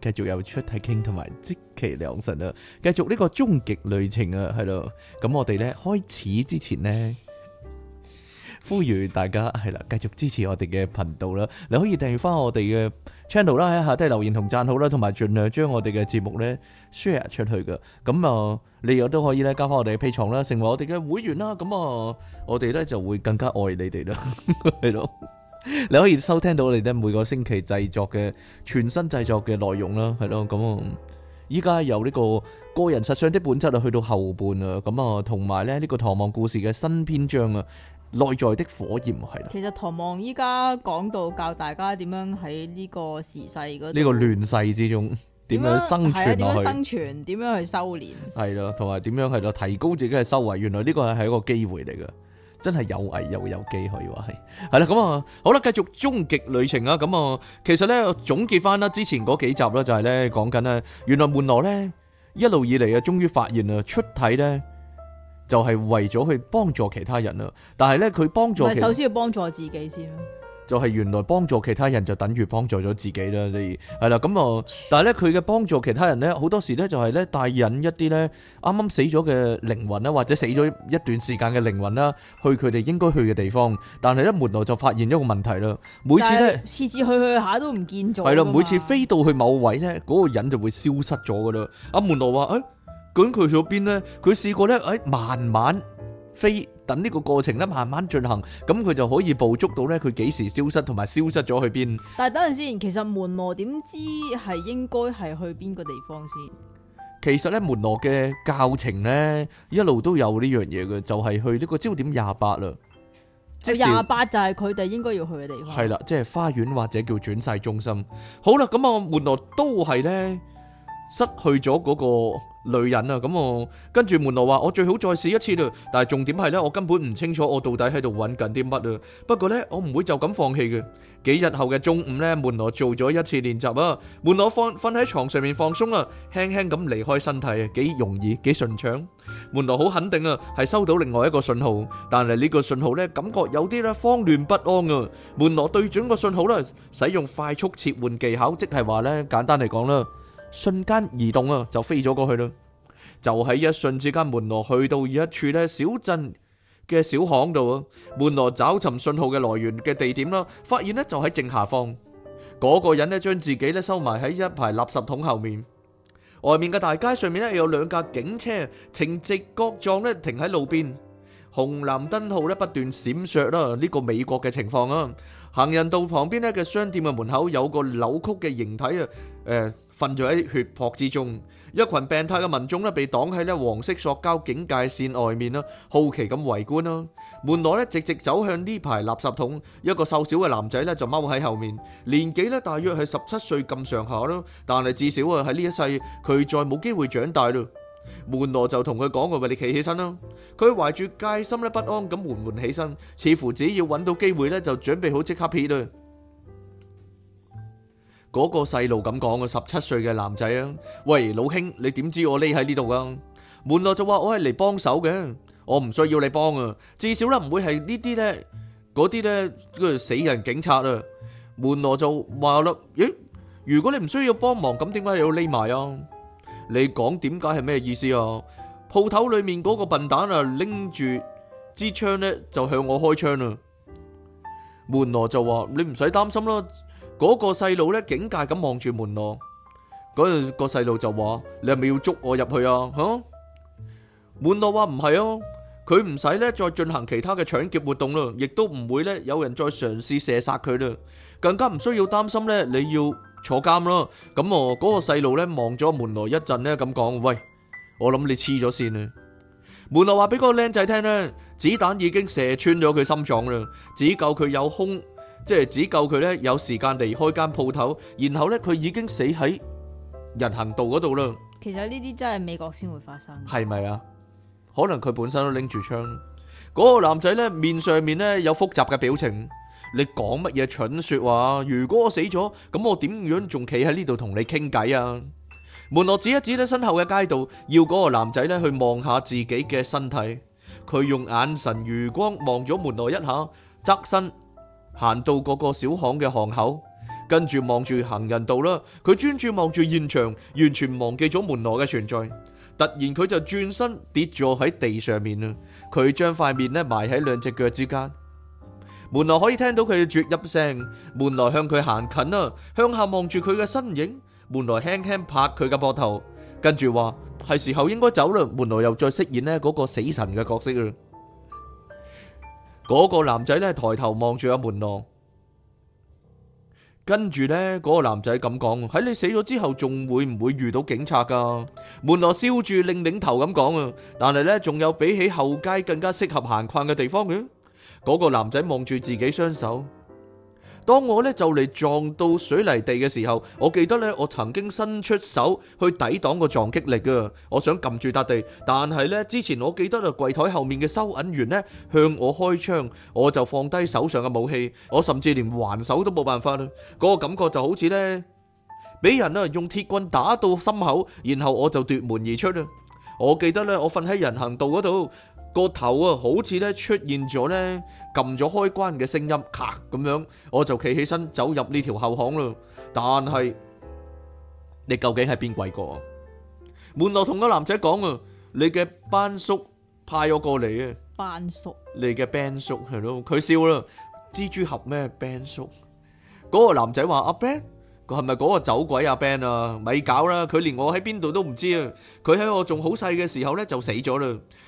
繼續有出嚟傾，同埋積其良神啊！繼續呢個終極旅程啊，係咯。咁我哋咧開始之前呢，呼籲大家係啦，繼續支持我哋嘅頻道啦。你可以訂閱翻我哋嘅 channel 啦，喺下底留言同讚好啦，同埋盡量將我哋嘅節目咧 share 出去噶。咁啊、呃，你又都可以咧交翻我哋嘅 pay 牆啦，成為我哋嘅會員啦。咁啊、呃，我哋咧就會更加愛你哋啦，係咯。你可以收聽到你哋每個星期製作嘅全新製作嘅內容啦，係咯，咁啊，依家由呢個個人實相的本質啊，去到後半啊，咁啊，同埋咧呢個唐望故事嘅新篇章啊，內在的火焰啊，係啦。其實唐望依家講到教大家點樣喺呢個時勢嗰呢個亂世之中點樣生存落去，生存點樣去修煉，係咯，同埋點樣係咯提高自己嘅修為，原來呢個係係一個機會嚟嘅。真係有危又有，有機可以話係，係啦咁啊，好啦，繼續終極旅程啦，咁啊，其實咧總結返啦，之前嗰幾集咧就係咧講緊咧，原來門羅咧一路以嚟啊，終於發現啊，出體咧就係、是、為咗去幫助其他人啦，但係咧佢幫助，首先要幫助自己先。就係原來幫助其他人就等於幫助咗自己啦，你係啦咁啊！但係咧，佢嘅幫助其他人咧，好多時咧就係咧帶引一啲咧啱啱死咗嘅靈魂啦，或者死咗一段時間嘅靈魂啦，去佢哋應該去嘅地方。但係咧，門羅就發現一個問題啦，每次咧次次去去下都唔見咗。係啦，每次飛到去某位咧，嗰、那個人就會消失咗㗎啦。阿門羅話：誒、欸，咁究竟佢去咗邊咧？佢試過咧，誒、欸，慢慢飛。等呢個過程咧慢慢進行，咁佢就可以捕捉到咧佢幾時消失同埋消失咗去邊。但係等陣先，其實門羅點知係應該係去邊個地方先？其實咧門羅嘅教程咧一路都有呢樣嘢嘅，就係去呢個焦點廿八啦。即係廿八就係佢哋應該要去嘅地方。係啦，即係花園或者叫轉世中心。好啦，咁啊門羅都係咧失去咗嗰個女人啊，咁我跟住門羅話，我最好再試一次啦。但係重點係咧，我根本唔清楚我到底喺度揾緊啲乜啊。不過咧，我唔會就咁放棄嘅。幾日後嘅中午咧，門羅做咗一次練習啊。門羅放瞓喺床上面放鬆啊，輕輕咁離開身體啊，幾容易，幾順暢。門羅好肯定啊，係收到另外一個信號，但係呢個信號咧，感覺有啲咧慌亂不安啊。門羅對準個信號啦，使用快速切換技巧，即係話咧，簡單嚟講啦。瞬間移動啊，就飛咗過去啦，就喺一瞬之間，門羅去到一處咧小鎮嘅小巷度啊，門羅找尋信號嘅來源嘅地點啦，發現呢就喺正下方，嗰個人呢將自己呢收埋喺一排垃圾桶後面，外面嘅大街上面呢有兩架警車，呈直角狀呢停喺路邊，紅藍燈號呢不斷閃爍啦，呢個美國嘅情況啊。行人道旁邊咧嘅商店嘅門口有個扭曲嘅形體啊，誒，瞓咗喺血泊之中。一群病態嘅民眾咧被擋喺咧黃色塑膠警戒線外面啦，好奇咁圍觀啦。門內咧直直走向呢排垃圾桶，一個瘦小嘅男仔咧就踎喺後面，年紀咧大約係十七歲咁上下咯，但係至少啊喺呢一世佢再冇機會長大咯。門羅就同佢講：我話你企起身啦！佢懷住戒心咧不安咁緩緩起身，似乎只要搵到機會咧就準備好即刻撇啦。嗰個細路咁講：，個十七歲嘅男仔啊，喂老兄，你點知我匿喺呢度噶？門羅就話：我係嚟幫手嘅，我唔需要你幫啊，至少咧唔會係呢啲咧，嗰啲咧，呢個死人警察啊。門羅就話啦：，咦，如果你唔需要幫忙，咁點解你要匿埋啊？你講點解係咩意思啊？鋪頭裏面嗰個笨蛋啊，拎住支槍咧就向我開槍啦！門羅就話：你唔使擔心啦，嗰個細路咧警戒咁望住門羅。嗰陣個細路就話：你係咪要捉我入去啊？吓？門羅話唔係啊，佢唔使咧再進行其他嘅搶劫活動啦，亦都唔會咧有人再嘗試射殺佢啦，更加唔需要擔心咧你要坐監咯，咁我嗰個細路咧望咗門內一陣咧，咁講：「喂，我諗你黐咗線啊。」門內話俾嗰個僆仔聽咧，子彈已經射穿咗佢心臟啦，只夠佢有空，即係只夠佢咧有時間離開間鋪頭，然後咧佢已經死喺人行道嗰度啦。其實呢啲真係美國先會發生。係咪啊？可能佢本身都拎住槍。嗰個男仔咧面上面咧有複雜嘅表情。你講乜嘢蠢說話？如果我死咗，咁我點樣仲企喺呢度同你傾偈啊？門羅指一指咧身後嘅街道，要嗰個男仔咧去望下自己嘅身體。佢用眼神餘光望咗門羅一下，側身行到嗰個小巷嘅巷口，跟住望住行人道啦。佢專注望住現場，完全忘記咗門羅嘅存在。突然佢就轉身跌咗喺地上面啦。佢將塊面咧埋喺兩隻腳之間。門內可以聽到佢嘅啜泣聲，門內向佢行近啊，向下望住佢嘅身影，門內輕輕拍佢嘅膊頭，跟住話係時候應該走啦。門內又再飾演呢嗰個死神嘅角色啦。嗰個男仔呢抬頭望住阿門內，跟住呢嗰個男仔咁講，喺你死咗之後，仲會唔會遇到警察噶？門內笑住擰擰頭咁講啊，但係呢仲有比起後街更加適合行逛嘅地方嘅。嗰個男仔望住自己雙手，當我咧就嚟撞到水泥地嘅時候，我記得咧我曾經伸出手去抵擋個撞擊力啊！我想撳住笪地，但係咧之前我記得啊櫃台後面嘅收銀員呢向我開槍，我就放低手上嘅武器，我甚至連還手都冇辦法啦。嗰個感覺就好似咧俾人啊用鐵棍打到心口，然後我就奪門而出啦。我記得咧我瞓喺人行道嗰度。個頭啊，好似咧出現咗，咧，撳咗開關嘅聲音，咔，咁樣，我就企起身走入呢條後巷啦。但係你究竟係邊鬼個？門內同個男仔講啊，你嘅班叔派我過嚟啊。班叔，你嘅 Ben 叔係咯，佢笑啦，蜘蛛俠咩 Ben 叔？嗰個男仔話阿 Ben。佢係咪嗰個走鬼阿 Ben 啊？咪搞啦！佢連我喺邊度都唔知啊！佢喺我仲好細嘅時候呢就死咗啦！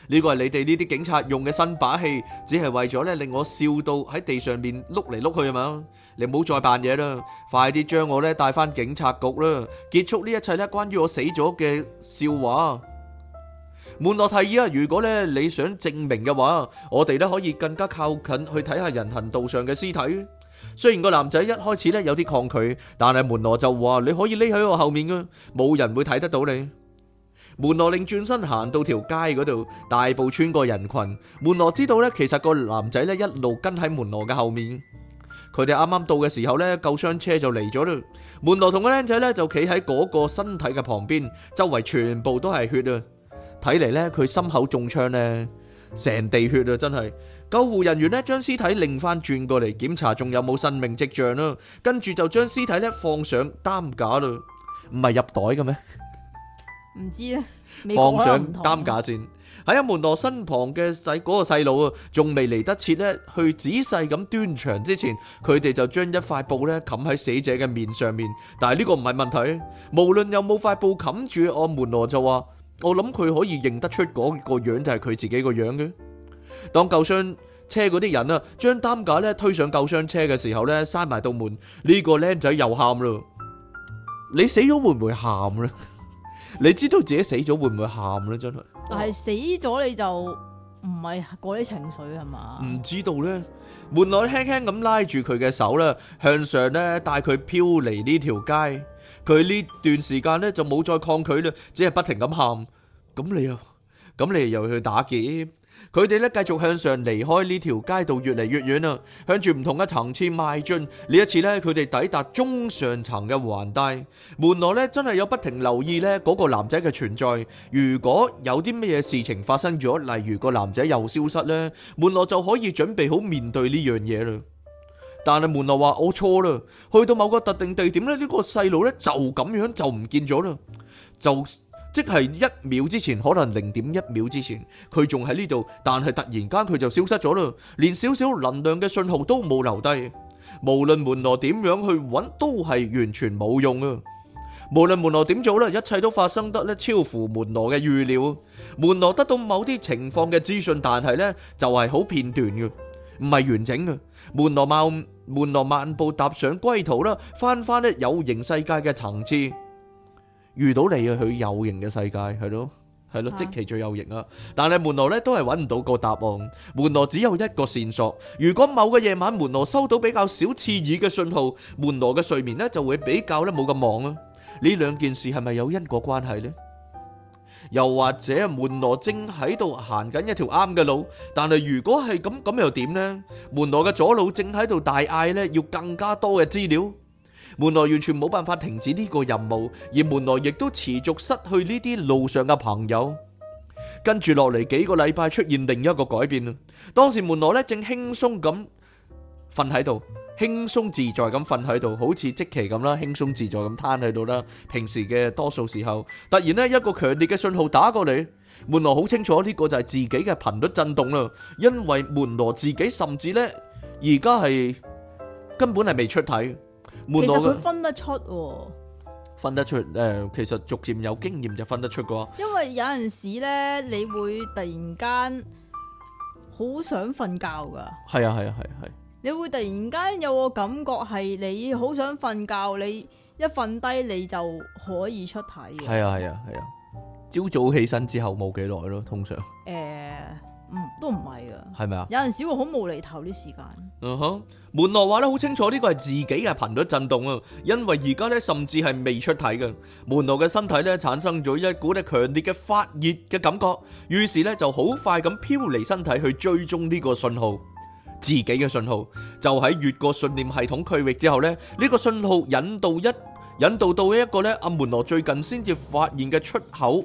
呢個係你哋呢啲警察用嘅新把戲，只係為咗呢令我笑到喺地上面碌嚟碌去啊嘛！你唔好再扮嘢啦，快啲將我呢帶翻警察局啦，結束呢一切呢關於我死咗嘅笑話。門諾提議啊，如果呢你想證明嘅話，我哋呢可以更加靠近去睇下人行道上嘅屍體。雖然個男仔一開始咧有啲抗拒，但係門羅就話，你可以匿喺我後面噶，冇人會睇得到你。門羅擰轉身行到條街嗰度，大步穿過人群。門羅知道咧，其實個男仔咧一路跟喺門羅嘅後面。佢哋啱啱到嘅時候咧，救傷車就嚟咗啦。門羅同個僆仔咧就企喺嗰個身體嘅旁邊，周圍全部都係血啊！睇嚟咧，佢心口中槍咧，成地血啊！真係。救護人員咧將屍體擰翻轉過嚟檢查，仲有冇生命跡象啦？跟住就將屍體咧放上擔架啦，唔係入袋嘅咩？唔知啊，放上擔架先喺阿門羅身旁嘅細嗰個細路啊，仲未嚟得切咧去仔細咁端詳之前，佢哋就將一塊布咧冚喺死者嘅面上面。但係呢個唔係問題，無論有冇塊布冚住，阿門羅就話：我諗佢可以認得出嗰個樣就係佢自己個樣嘅。當救傷車嗰啲人啊，將擔架咧推上救傷車嘅時候咧，閂埋道門，呢個僆仔又喊啦！你死咗會唔會喊咧？你知道自己死咗會唔會喊咧？真係，但係死咗你就唔係嗰啲情緒係嘛？唔知道咧，門內輕輕咁拉住佢嘅手啦，向上咧帶佢飄離呢條街。佢呢段時間咧就冇再抗拒啦，只係不停咁喊。咁你又咁你又去打劫？佢哋咧繼續向上離開呢條街道越嚟越遠啦，向住唔同嘅層次邁進。呢一次咧，佢哋抵達中上層嘅環帶。門羅咧真係有不停留意咧嗰個男仔嘅存在。如果有啲乜嘢事情發生咗，例如個男仔又消失咧，門羅就可以準備好面對呢樣嘢啦。但係門羅話：我錯啦，去到某個特定地點咧，呢個細路咧就咁樣就唔見咗啦，就。即係一秒之前，可能零點一秒之前，佢仲喺呢度，但係突然間佢就消失咗啦，連少少能量嘅信號都冇留低。無論門羅點樣去揾，都係完全冇用啊！無論門羅點做啦，一切都發生得咧超乎門羅嘅預料。門羅得到某啲情況嘅資訊，但係呢就係好片段嘅，唔係完整嘅。門羅漫門羅漫步踏上歸途啦，翻翻咧有形世界嘅層次。遇到你要去有形嘅世界，係咯，係咯，即其最有形啊！但係門羅咧都係揾唔到個答案，門羅只有一個線索。如果某個夜晚門羅收到比較少刺耳嘅信號，門羅嘅睡眠咧就會比較咧冇咁忙啊！呢兩件事係咪有因果關係咧？又或者門羅正喺度行緊一條啱嘅路，但係如果係咁，咁又點咧？門羅嘅左腦正喺度大嗌咧，要更加多嘅資料。門羅完全冇辦法停止呢個任務，而門羅亦都持續失去呢啲路上嘅朋友。跟住落嚟幾個禮拜出現另一個改變啦。當時門羅咧正輕鬆咁瞓喺度，輕鬆自在咁瞓喺度，好似積奇咁啦，輕鬆自在咁攤喺度啦。平時嘅多數時候，突然呢一個強烈嘅信號打過嚟，門羅好清楚呢個就係自己嘅頻率震動啦。因為門羅自己甚至呢，而家係根本係未出體。其實佢分得出、啊，分得出誒、呃，其實逐漸有經驗就分得出噶、啊。因為有陣時咧，你會突然間好想瞓覺噶。係啊係啊係係。啊啊，你會突然間有個感覺係你好想瞓覺，你一瞓低你就可以出體嘅。係啊係啊係啊，朝、啊啊、早起身之後冇幾耐咯，通常。誒、欸。嗯、都唔係啊，係咪啊？有陣時會好無厘頭啲時間。嗯哼、uh-huh. 門羅話咧好清楚，呢個係自己嘅頻率震動啊。因為而家咧甚至係未出體嘅，門羅嘅身體咧產生咗一股咧強烈嘅發熱嘅感覺，於是咧就好快咁飄離身體去追蹤呢個信號，自己嘅信號，就喺越過信念系統區域之後呢，呢、呢個信號引導一引導到呢一個咧阿門羅最近先至發現嘅出口。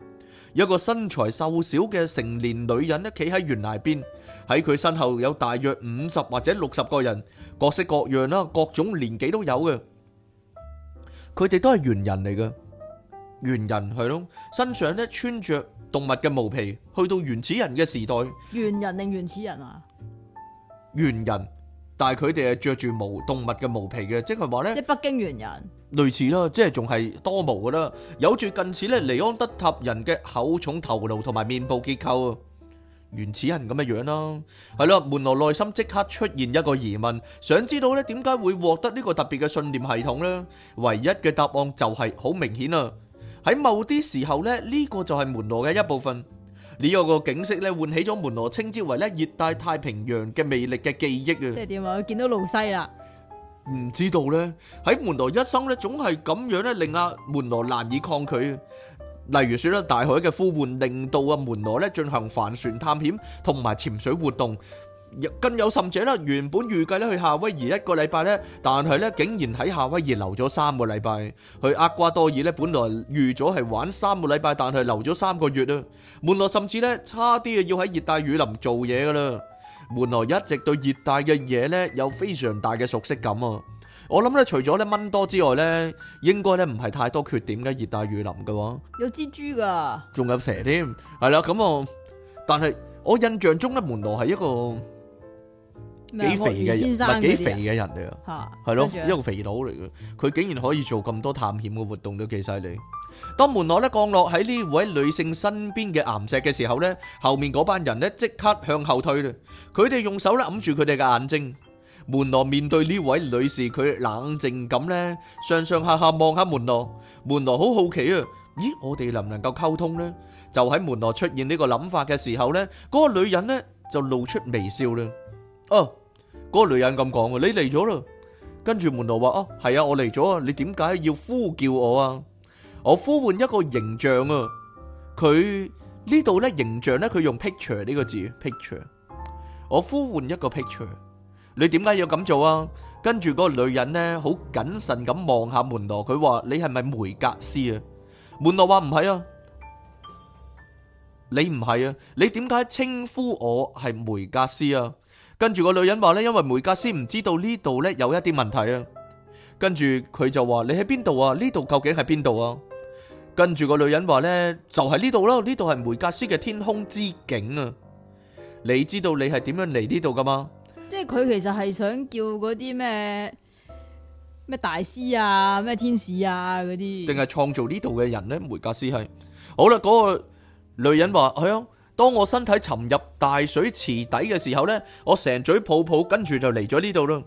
有一個身材瘦小嘅成年女人咧，企喺懸崖邊，喺佢身後有大約五十或者六十個人，各式各樣啦，各種年紀都有嘅，佢哋都係猿人嚟嘅，猿人係咯，身上呢穿着動物嘅毛皮，去到原始人嘅時代。猿人定原始人啊？猿人。但係佢哋係着住毛動物嘅毛皮嘅，即係話咧，即係北京猿人類似啦，即係仲係多毛噶啦，有住近似咧尼安德塔人嘅厚重頭顱同埋面部結構，原始人咁嘅樣啦。係咯，門羅內心即刻出現一個疑問，想知道咧點解會獲得呢個特別嘅信念系統咧？唯一嘅答案就係好明顯啦，喺某啲時候咧，呢個就係門羅嘅一部分。呢個景色咧，喚起咗門羅稱之為咧熱帶太平洋嘅魅力嘅記憶啊！即係點啊？見到露西啦？唔知道咧。喺門羅一生咧，總係咁樣咧，令阿門羅難以抗拒。例如説啦，大海嘅呼喚令到阿門羅咧進行帆船探險同埋潛水活動。更有甚者啦，原本預計咧去夏威夷一個禮拜咧，但係咧竟然喺夏威夷留咗三個禮拜；去厄瓜多爾咧本來預咗係玩三個禮拜，但係留咗三個月啦。門羅甚至咧差啲啊要喺熱帶雨林做嘢噶啦。門羅一直對熱帶嘅嘢咧有非常大嘅熟悉感啊！我諗咧除咗咧蚊多之外咧，應該咧唔係太多缺點嘅熱帶雨林噶喎。有蜘蛛噶，仲有蛇添，係啦咁我！但係我印象中咧，門羅係一個。幾肥嘅人，唔係幾肥嘅人嚟啊，係咯，一個肥佬嚟嘅。佢竟然可以做咁多探險嘅活動，都幾犀利。當門羅咧降落喺呢位女性身邊嘅岩石嘅時候咧，後面嗰班人咧即刻向後退啦。佢哋用手咧揞住佢哋嘅眼睛。門羅面對呢位女士，佢冷靜咁咧上上下下望下門羅。門羅好好奇啊，咦，我哋能唔能夠溝通咧？就喺門羅出現呢個諗法嘅時候咧，嗰個女人咧就露出微笑啦。哦。嗰個女人咁講，你嚟咗啦。跟住門羅話：哦，係啊，我嚟咗啊。你點解要呼叫我啊？我呼喚一個形象啊。佢呢度呢形象呢，佢用 picture 呢個字 picture。我呼喚一個 picture。你點解要咁做啊？跟住個女人呢，好謹慎咁望下門羅，佢話：你係咪梅格斯啊？門羅話唔係啊。你唔係啊？你點解稱呼我係梅格斯啊？跟住個女人話咧，因為梅格斯唔知道呢度咧有一啲問題啊。跟住佢就話：你喺邊度啊？呢度究竟係邊度啊？跟住個女人話咧，就係呢度啦。呢度係梅格斯嘅天空之境啊！你知道你係點樣嚟呢度噶嘛？即係佢其實係想叫嗰啲咩咩大師啊，咩天使啊嗰啲。定係創造呢度嘅人咧？梅格斯係好啦。嗰個女人話：係啊。當我身體沉入大水池底嘅時候呢，我成嘴泡泡，跟住就嚟咗呢度咯。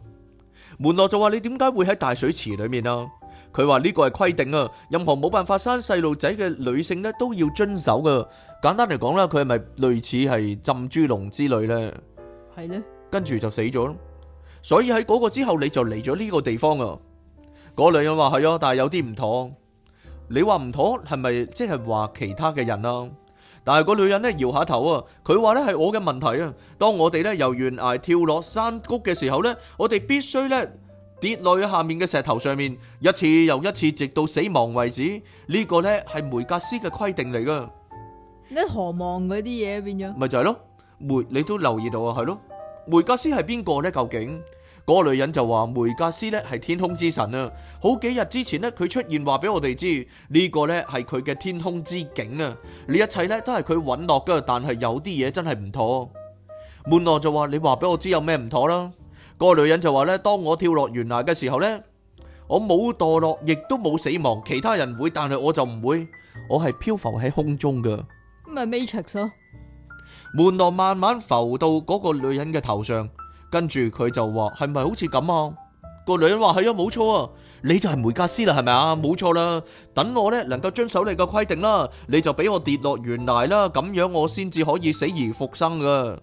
門諾就話，你點解會喺大水池裏面啊？佢話呢個係規定啊，任何冇辦法生細路仔嘅女性呢，都要遵守嘅。簡單嚟講啦，佢係咪類似係浸豬籠之類呢？係呢，跟住就死咗咯。所以喺嗰個之後你就嚟咗呢個地方啊？嗰女人話，係啊，但係有啲唔妥。你話唔妥係咪即係話其他嘅人啊？但係個女人咧，搖下頭啊，佢話咧，係我嘅問題啊。當我哋咧，由懸崖跳落山谷嘅時候咧，我哋必須咧，跌落去下面嘅石頭上面，一次又一次，直到死亡為止。呢個咧，係梅格斯嘅規定嚟噶。你何望嗰啲嘢變咗？咪就係咯，梅，你都留意到啊，係咯，梅格斯係邊個咧？究竟？嗰個女人就話梅格斯咧係天空之神啦，好幾日之前咧佢出現，話俾我哋知呢個咧係佢嘅天空之境。啊，呢一切咧都係佢隕落噶，但係有啲嘢真係唔妥。門羅就話，你話俾我知有咩唔妥啦。嗰、那個女人就話咧，當我跳落懸崖嘅時候呢，我冇墮落，亦都冇死亡，其他人會，但係我就唔會，我係漂浮喺空中噶。咪 Matrix 咯。門羅慢慢浮到嗰個女人嘅頭上。跟住佢就話係咪好似咁啊？個女人話係啊，冇、哎、錯啊，你就係梅格斯啦，係咪啊？冇錯啦，等我呢能夠遵守你個規定啦，你就俾我跌落懸崖啦，咁樣我先至可以死而復生噶。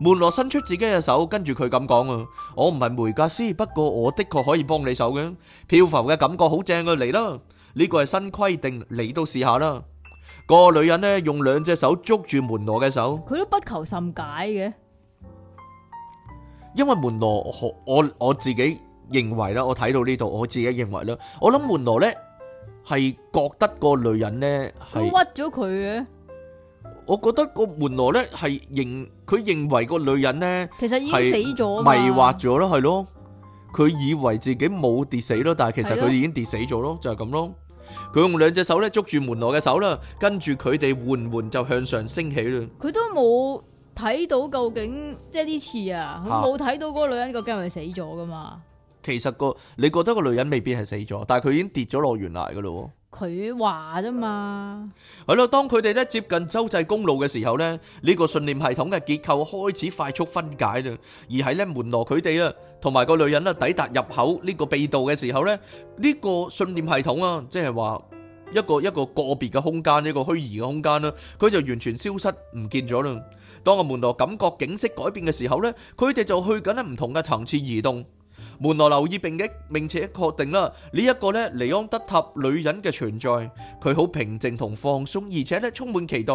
門羅伸出自己嘅手，跟住佢咁講啊，我唔係梅格斯，不過我的確可以幫你手嘅，漂浮嘅感覺好正啊，嚟啦。呢、這個係新規定，你都試下啦。個女人呢用兩隻手捉住門羅嘅手，佢都不求甚解嘅。因為門羅，我我我自己認為啦，我睇到呢度，我自己認為啦，我諗門羅咧係覺得個女人咧係屈咗佢嘅。我覺得個門羅咧係認佢認為個女人咧其實已經死咗，係迷惑咗咯，係咯。佢以為自己冇跌死咯，但係其實佢已經跌死咗咯，就係咁咯。佢用兩隻手咧捉住門羅嘅手啦，跟住佢哋緩緩就向上升起啦。佢都冇。睇到究竟即係呢次啊，佢冇睇到嗰個女人個驚係死咗噶嘛？其實個你覺得個女人未必係死咗，但係佢已經跌咗落懸崖噶咯。佢話啫嘛。係咯，當佢哋咧接近州際公路嘅時候咧，呢個信念系統嘅結構開始快速分解啦，而係咧門羅佢哋啊，同埋個女人啊抵達入口呢個秘道嘅時候咧，呢個信念系統啊，即係話。一個一個個別嘅空間，一個虛擬嘅空間啦，佢就完全消失唔見咗啦。當阿門羅感覺景色改變嘅時候咧，佢哋就去緊唔同嘅層次移動。門羅留意並且並且確定啦，呢、這、一個咧尼安德塔女人嘅存在，佢好平靜同放鬆，而且咧充滿期待。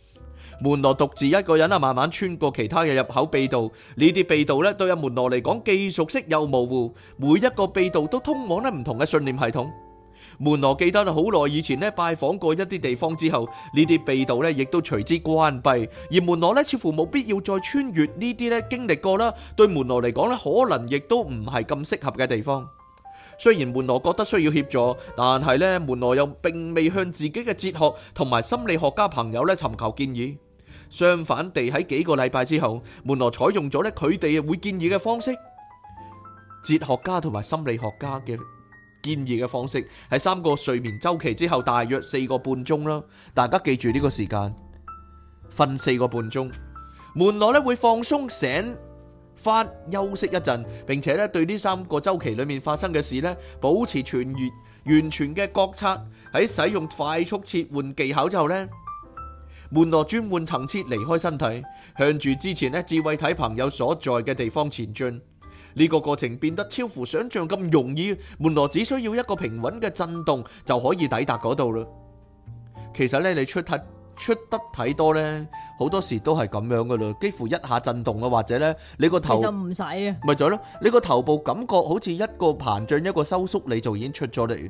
門羅獨自一個人啊，慢慢穿過其他嘅入口秘道。呢啲秘道咧，對阿門羅嚟講既熟悉又模糊。每一個秘道都通往咧唔同嘅信念系統。門羅記得好耐以前咧拜訪過一啲地方之後，呢啲秘道咧亦都隨之關閉。而門羅咧似乎冇必要再穿越呢啲咧經歷過啦。對門羅嚟講咧，可能亦都唔係咁適合嘅地方。雖然門羅覺得需要協助，但係咧門羅又並未向自己嘅哲學同埋心理學家朋友咧尋求建議。相反地喺幾個禮拜之後，門羅採用咗咧佢哋會建議嘅方式，哲學家同埋心理學家嘅建議嘅方式，喺三個睡眠周期之後大約四個半鐘啦。大家記住呢個時間，瞓四個半鐘，門羅咧會放鬆醒翻休息一陣，並且咧對呢三個周期裏面發生嘅事咧保持全然完全嘅覺察。喺使用快速切換技巧之後呢。門羅轉換層次離開身體，向住之前咧智慧體朋友所在嘅地方前進。呢個過程變得超乎想象咁容易，門羅只需要一個平穩嘅震動就可以抵達嗰度啦。其實咧，你出太出得太多咧，好多時都係咁樣噶啦，幾乎一下震動啊，或者咧你個頭就唔使啊，咪就係咯，你個頭部感覺好似一個膨脹一個收縮，你就已經出咗嚟。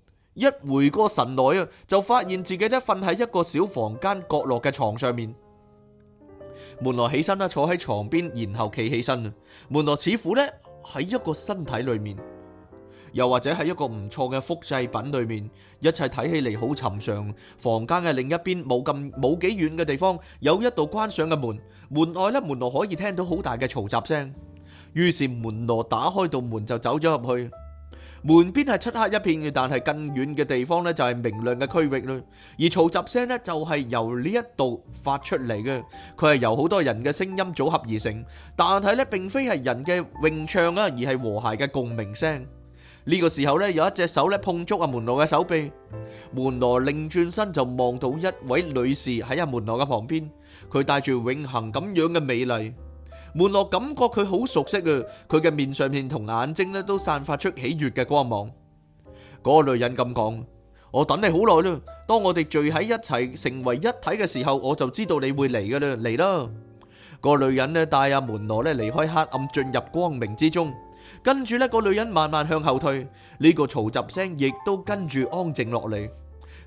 一回過神來啊，就發現自己咧瞓喺一個小房間角落嘅床上面。門羅起身啦，坐喺床邊，然後企起身。門羅似乎咧喺一個身體裏面，又或者喺一個唔錯嘅複製品裏面。一切睇起嚟好尋常。房間嘅另一邊冇咁冇幾遠嘅地方，有一道關上嘅門。門外咧，門羅可以聽到好大嘅嘈雜聲。於是門羅打開道門就走咗入去。門邊係漆黑一片嘅，但係更遠嘅地方呢就係明亮嘅區域啦。而嘈雜聲呢就係由呢一度發出嚟嘅，佢係由好多人嘅聲音組合而成。但係呢，並非係人嘅詠唱啊，而係和諧嘅共鳴聲。呢個時候呢，有一隻手呢碰觸阿門羅嘅手臂，門羅擰轉身就望到一位女士喺阿門羅嘅旁邊，佢帶住永恆咁樣嘅美麗。門羅感覺佢好熟悉啊！佢嘅面上面同眼睛咧都散發出喜悅嘅光芒。嗰個女人咁講：我等你好耐啦！當我哋聚喺一齊成為一體嘅時候，我就知道你會嚟㗎啦！嚟啦！個女人咧帶阿門羅咧離開黑暗，進入光明之中。跟住呢個女人慢慢向後退，呢個嘈雜聲亦都跟住安靜落嚟。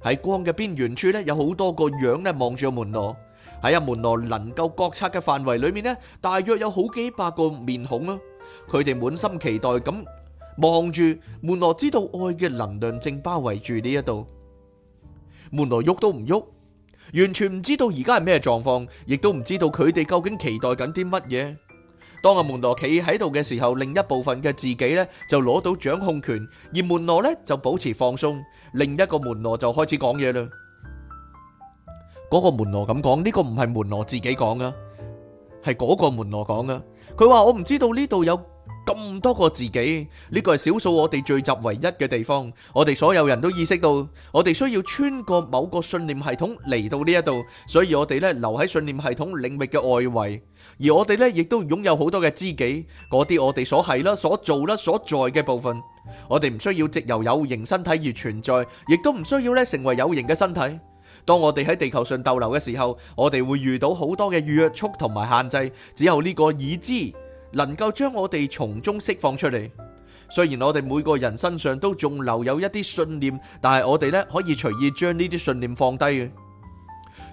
喺光嘅邊緣處咧，有好多個樣咧望住門羅。喺阿門羅能夠覺察嘅範圍裏面呢，大約有好幾百個面孔咯。佢哋滿心期待咁望住門羅，知道愛嘅能量正包圍住呢一度。門羅喐都唔喐，完全唔知道而家係咩狀況，亦都唔知道佢哋究竟期待緊啲乜嘢。當阿門羅企喺度嘅時候，另一部分嘅自己呢就攞到掌控權，而門羅呢就保持放鬆。另一個門羅就開始講嘢啦。嗰個門羅咁講，呢個唔係門羅自己講噶，係嗰個門羅講噶。佢話，我唔知道呢度有咁多個自己，呢個係少數我哋聚集唯一嘅地方。我哋所有人都意識到，我哋需要穿過某個信念系統嚟到呢一度，所以我哋咧留喺信念系統領域嘅外圍。而我哋咧亦都擁有好多嘅知己，嗰啲我哋所係啦、所做啦、所在嘅部分，我哋唔需要藉由有形身體而存在，亦都唔需要咧成為有形嘅身體。當我哋喺地球上逗留嘅時候，我哋會遇到好多嘅約束同埋限制，只有呢個已知能夠將我哋從中釋放出嚟。雖然我哋每個人身上都仲留有一啲信念，但係我哋咧可以隨意將呢啲信念放低嘅。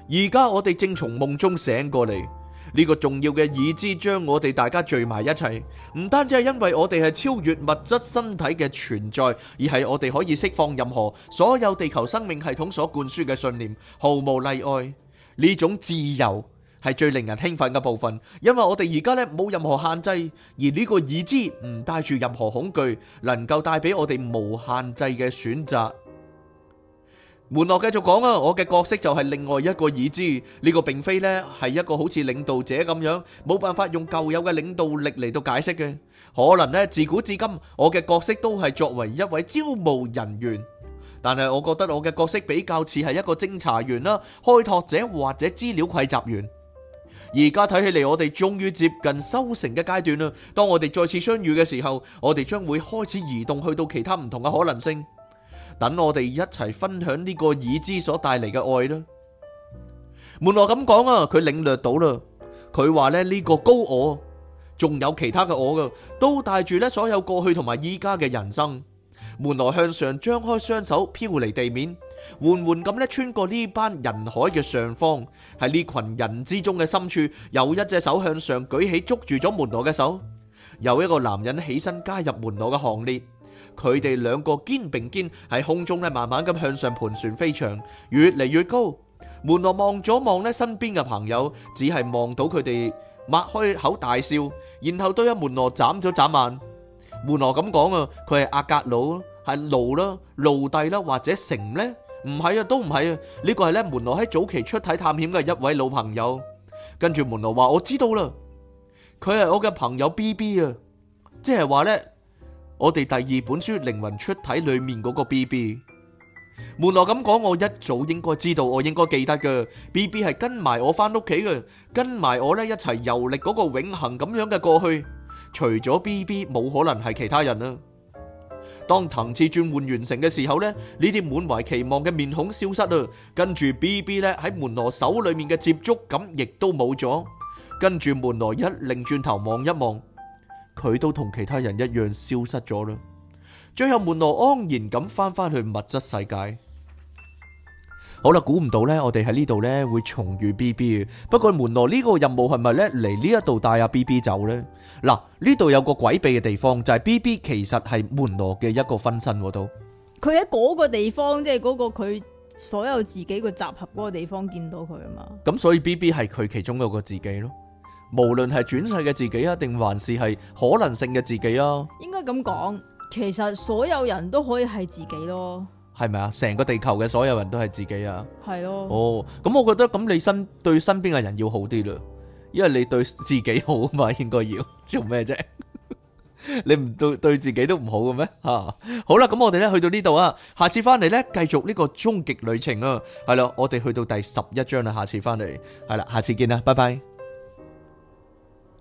而家我哋正從夢中醒過嚟。呢個重要嘅已知將我哋大家聚埋一齊，唔單止係因為我哋係超越物質身體嘅存在，而係我哋可以釋放任何所有地球生命系統所灌輸嘅信念，毫無例外。呢種自由係最令人興奮嘅部分，因為我哋而家咧冇任何限制，而呢個已知唔帶住任何恐懼，能夠帶俾我哋無限制嘅選擇。門洛繼續講啊，我嘅角色就係另外一個已知，呢個並非呢係一個好似領導者咁樣，冇辦法用舊有嘅領導力嚟到解釋嘅。可能呢，自古至今，我嘅角色都係作為一位招募人員，但係我覺得我嘅角色比較似係一個偵查員啦、開拓者或者資料匯集員。而家睇起嚟，我哋終於接近收成嘅階段啦。當我哋再次相遇嘅時候，我哋將會開始移動去到其他唔同嘅可能性。等我哋一齊分享呢個已知所帶嚟嘅愛啦！門羅咁講啊，佢領略到啦。佢話咧，呢個高我，仲有其他嘅我噶，都帶住呢所有過去同埋依家嘅人生。門羅向上張開雙手，飄離地面，緩緩咁咧穿過呢班人海嘅上方。喺呢群人之中嘅深處，有一隻手向上舉起，捉住咗門羅嘅手。有一個男人起身加入門羅嘅行列。佢哋兩個肩並肩喺空中咧，慢慢咁向上盤旋飛翔，越嚟越高。門羅望咗望咧，身邊嘅朋友只係望到佢哋擘開口大笑，然後對阿門羅眨咗眨眼。門羅咁講啊，佢係阿格佬，係奴啦奴弟啦，或者城呢？唔係啊，都唔係啊，呢個係咧門羅喺早期出體探險嘅一位老朋友。跟住門羅話：我知道啦，佢係我嘅朋友 BB 啊，即係話咧。我哋第二本書《靈魂出體》裏面嗰個 B B，門羅咁講，我一早應該知道，我應該記得嘅 B B 係跟埋我翻屋企嘅，跟埋我咧一齊遊歷嗰個永恒咁樣嘅過去。除咗 B B，冇可能係其他人啦。當層次轉換完成嘅時候咧，呢啲滿懷期望嘅面孔消失啦，跟住 B B 咧喺門羅手裏面嘅接觸感亦都冇咗，跟住門羅一擰轉頭望一望。佢都同其他人一樣消失咗啦，最後門羅安然咁翻返去物質世界。好啦，估唔到呢，我哋喺呢度呢會重遇 B B。不過門羅呢個任務係咪呢嚟呢一度帶阿 B B 走呢？嗱，呢度有個詭秘嘅地方就係 B B 其實係門羅嘅一個分身都。佢喺嗰個地方，即係嗰個佢所有自己個集合嗰個地方見到佢啊嘛。咁所以 B B 係佢其中一個自己咯。無論係轉世嘅自己啊，定還是係可能性嘅自己啊，應該咁講，其實所有人都可以係自己咯，係咪啊？成個地球嘅所有人都係自己啊，係咯。哦，咁我覺得咁你身對身邊嘅人要好啲啦，因為你對自己好啊嘛，應該要做咩啫？你唔對對自己都唔好嘅咩？吓，好啦，咁我哋咧去到呢度啊，下次翻嚟咧繼續呢個終極旅程啊，係啦，我哋去到第十一章啦，下次翻嚟係啦，下次見啦，拜拜。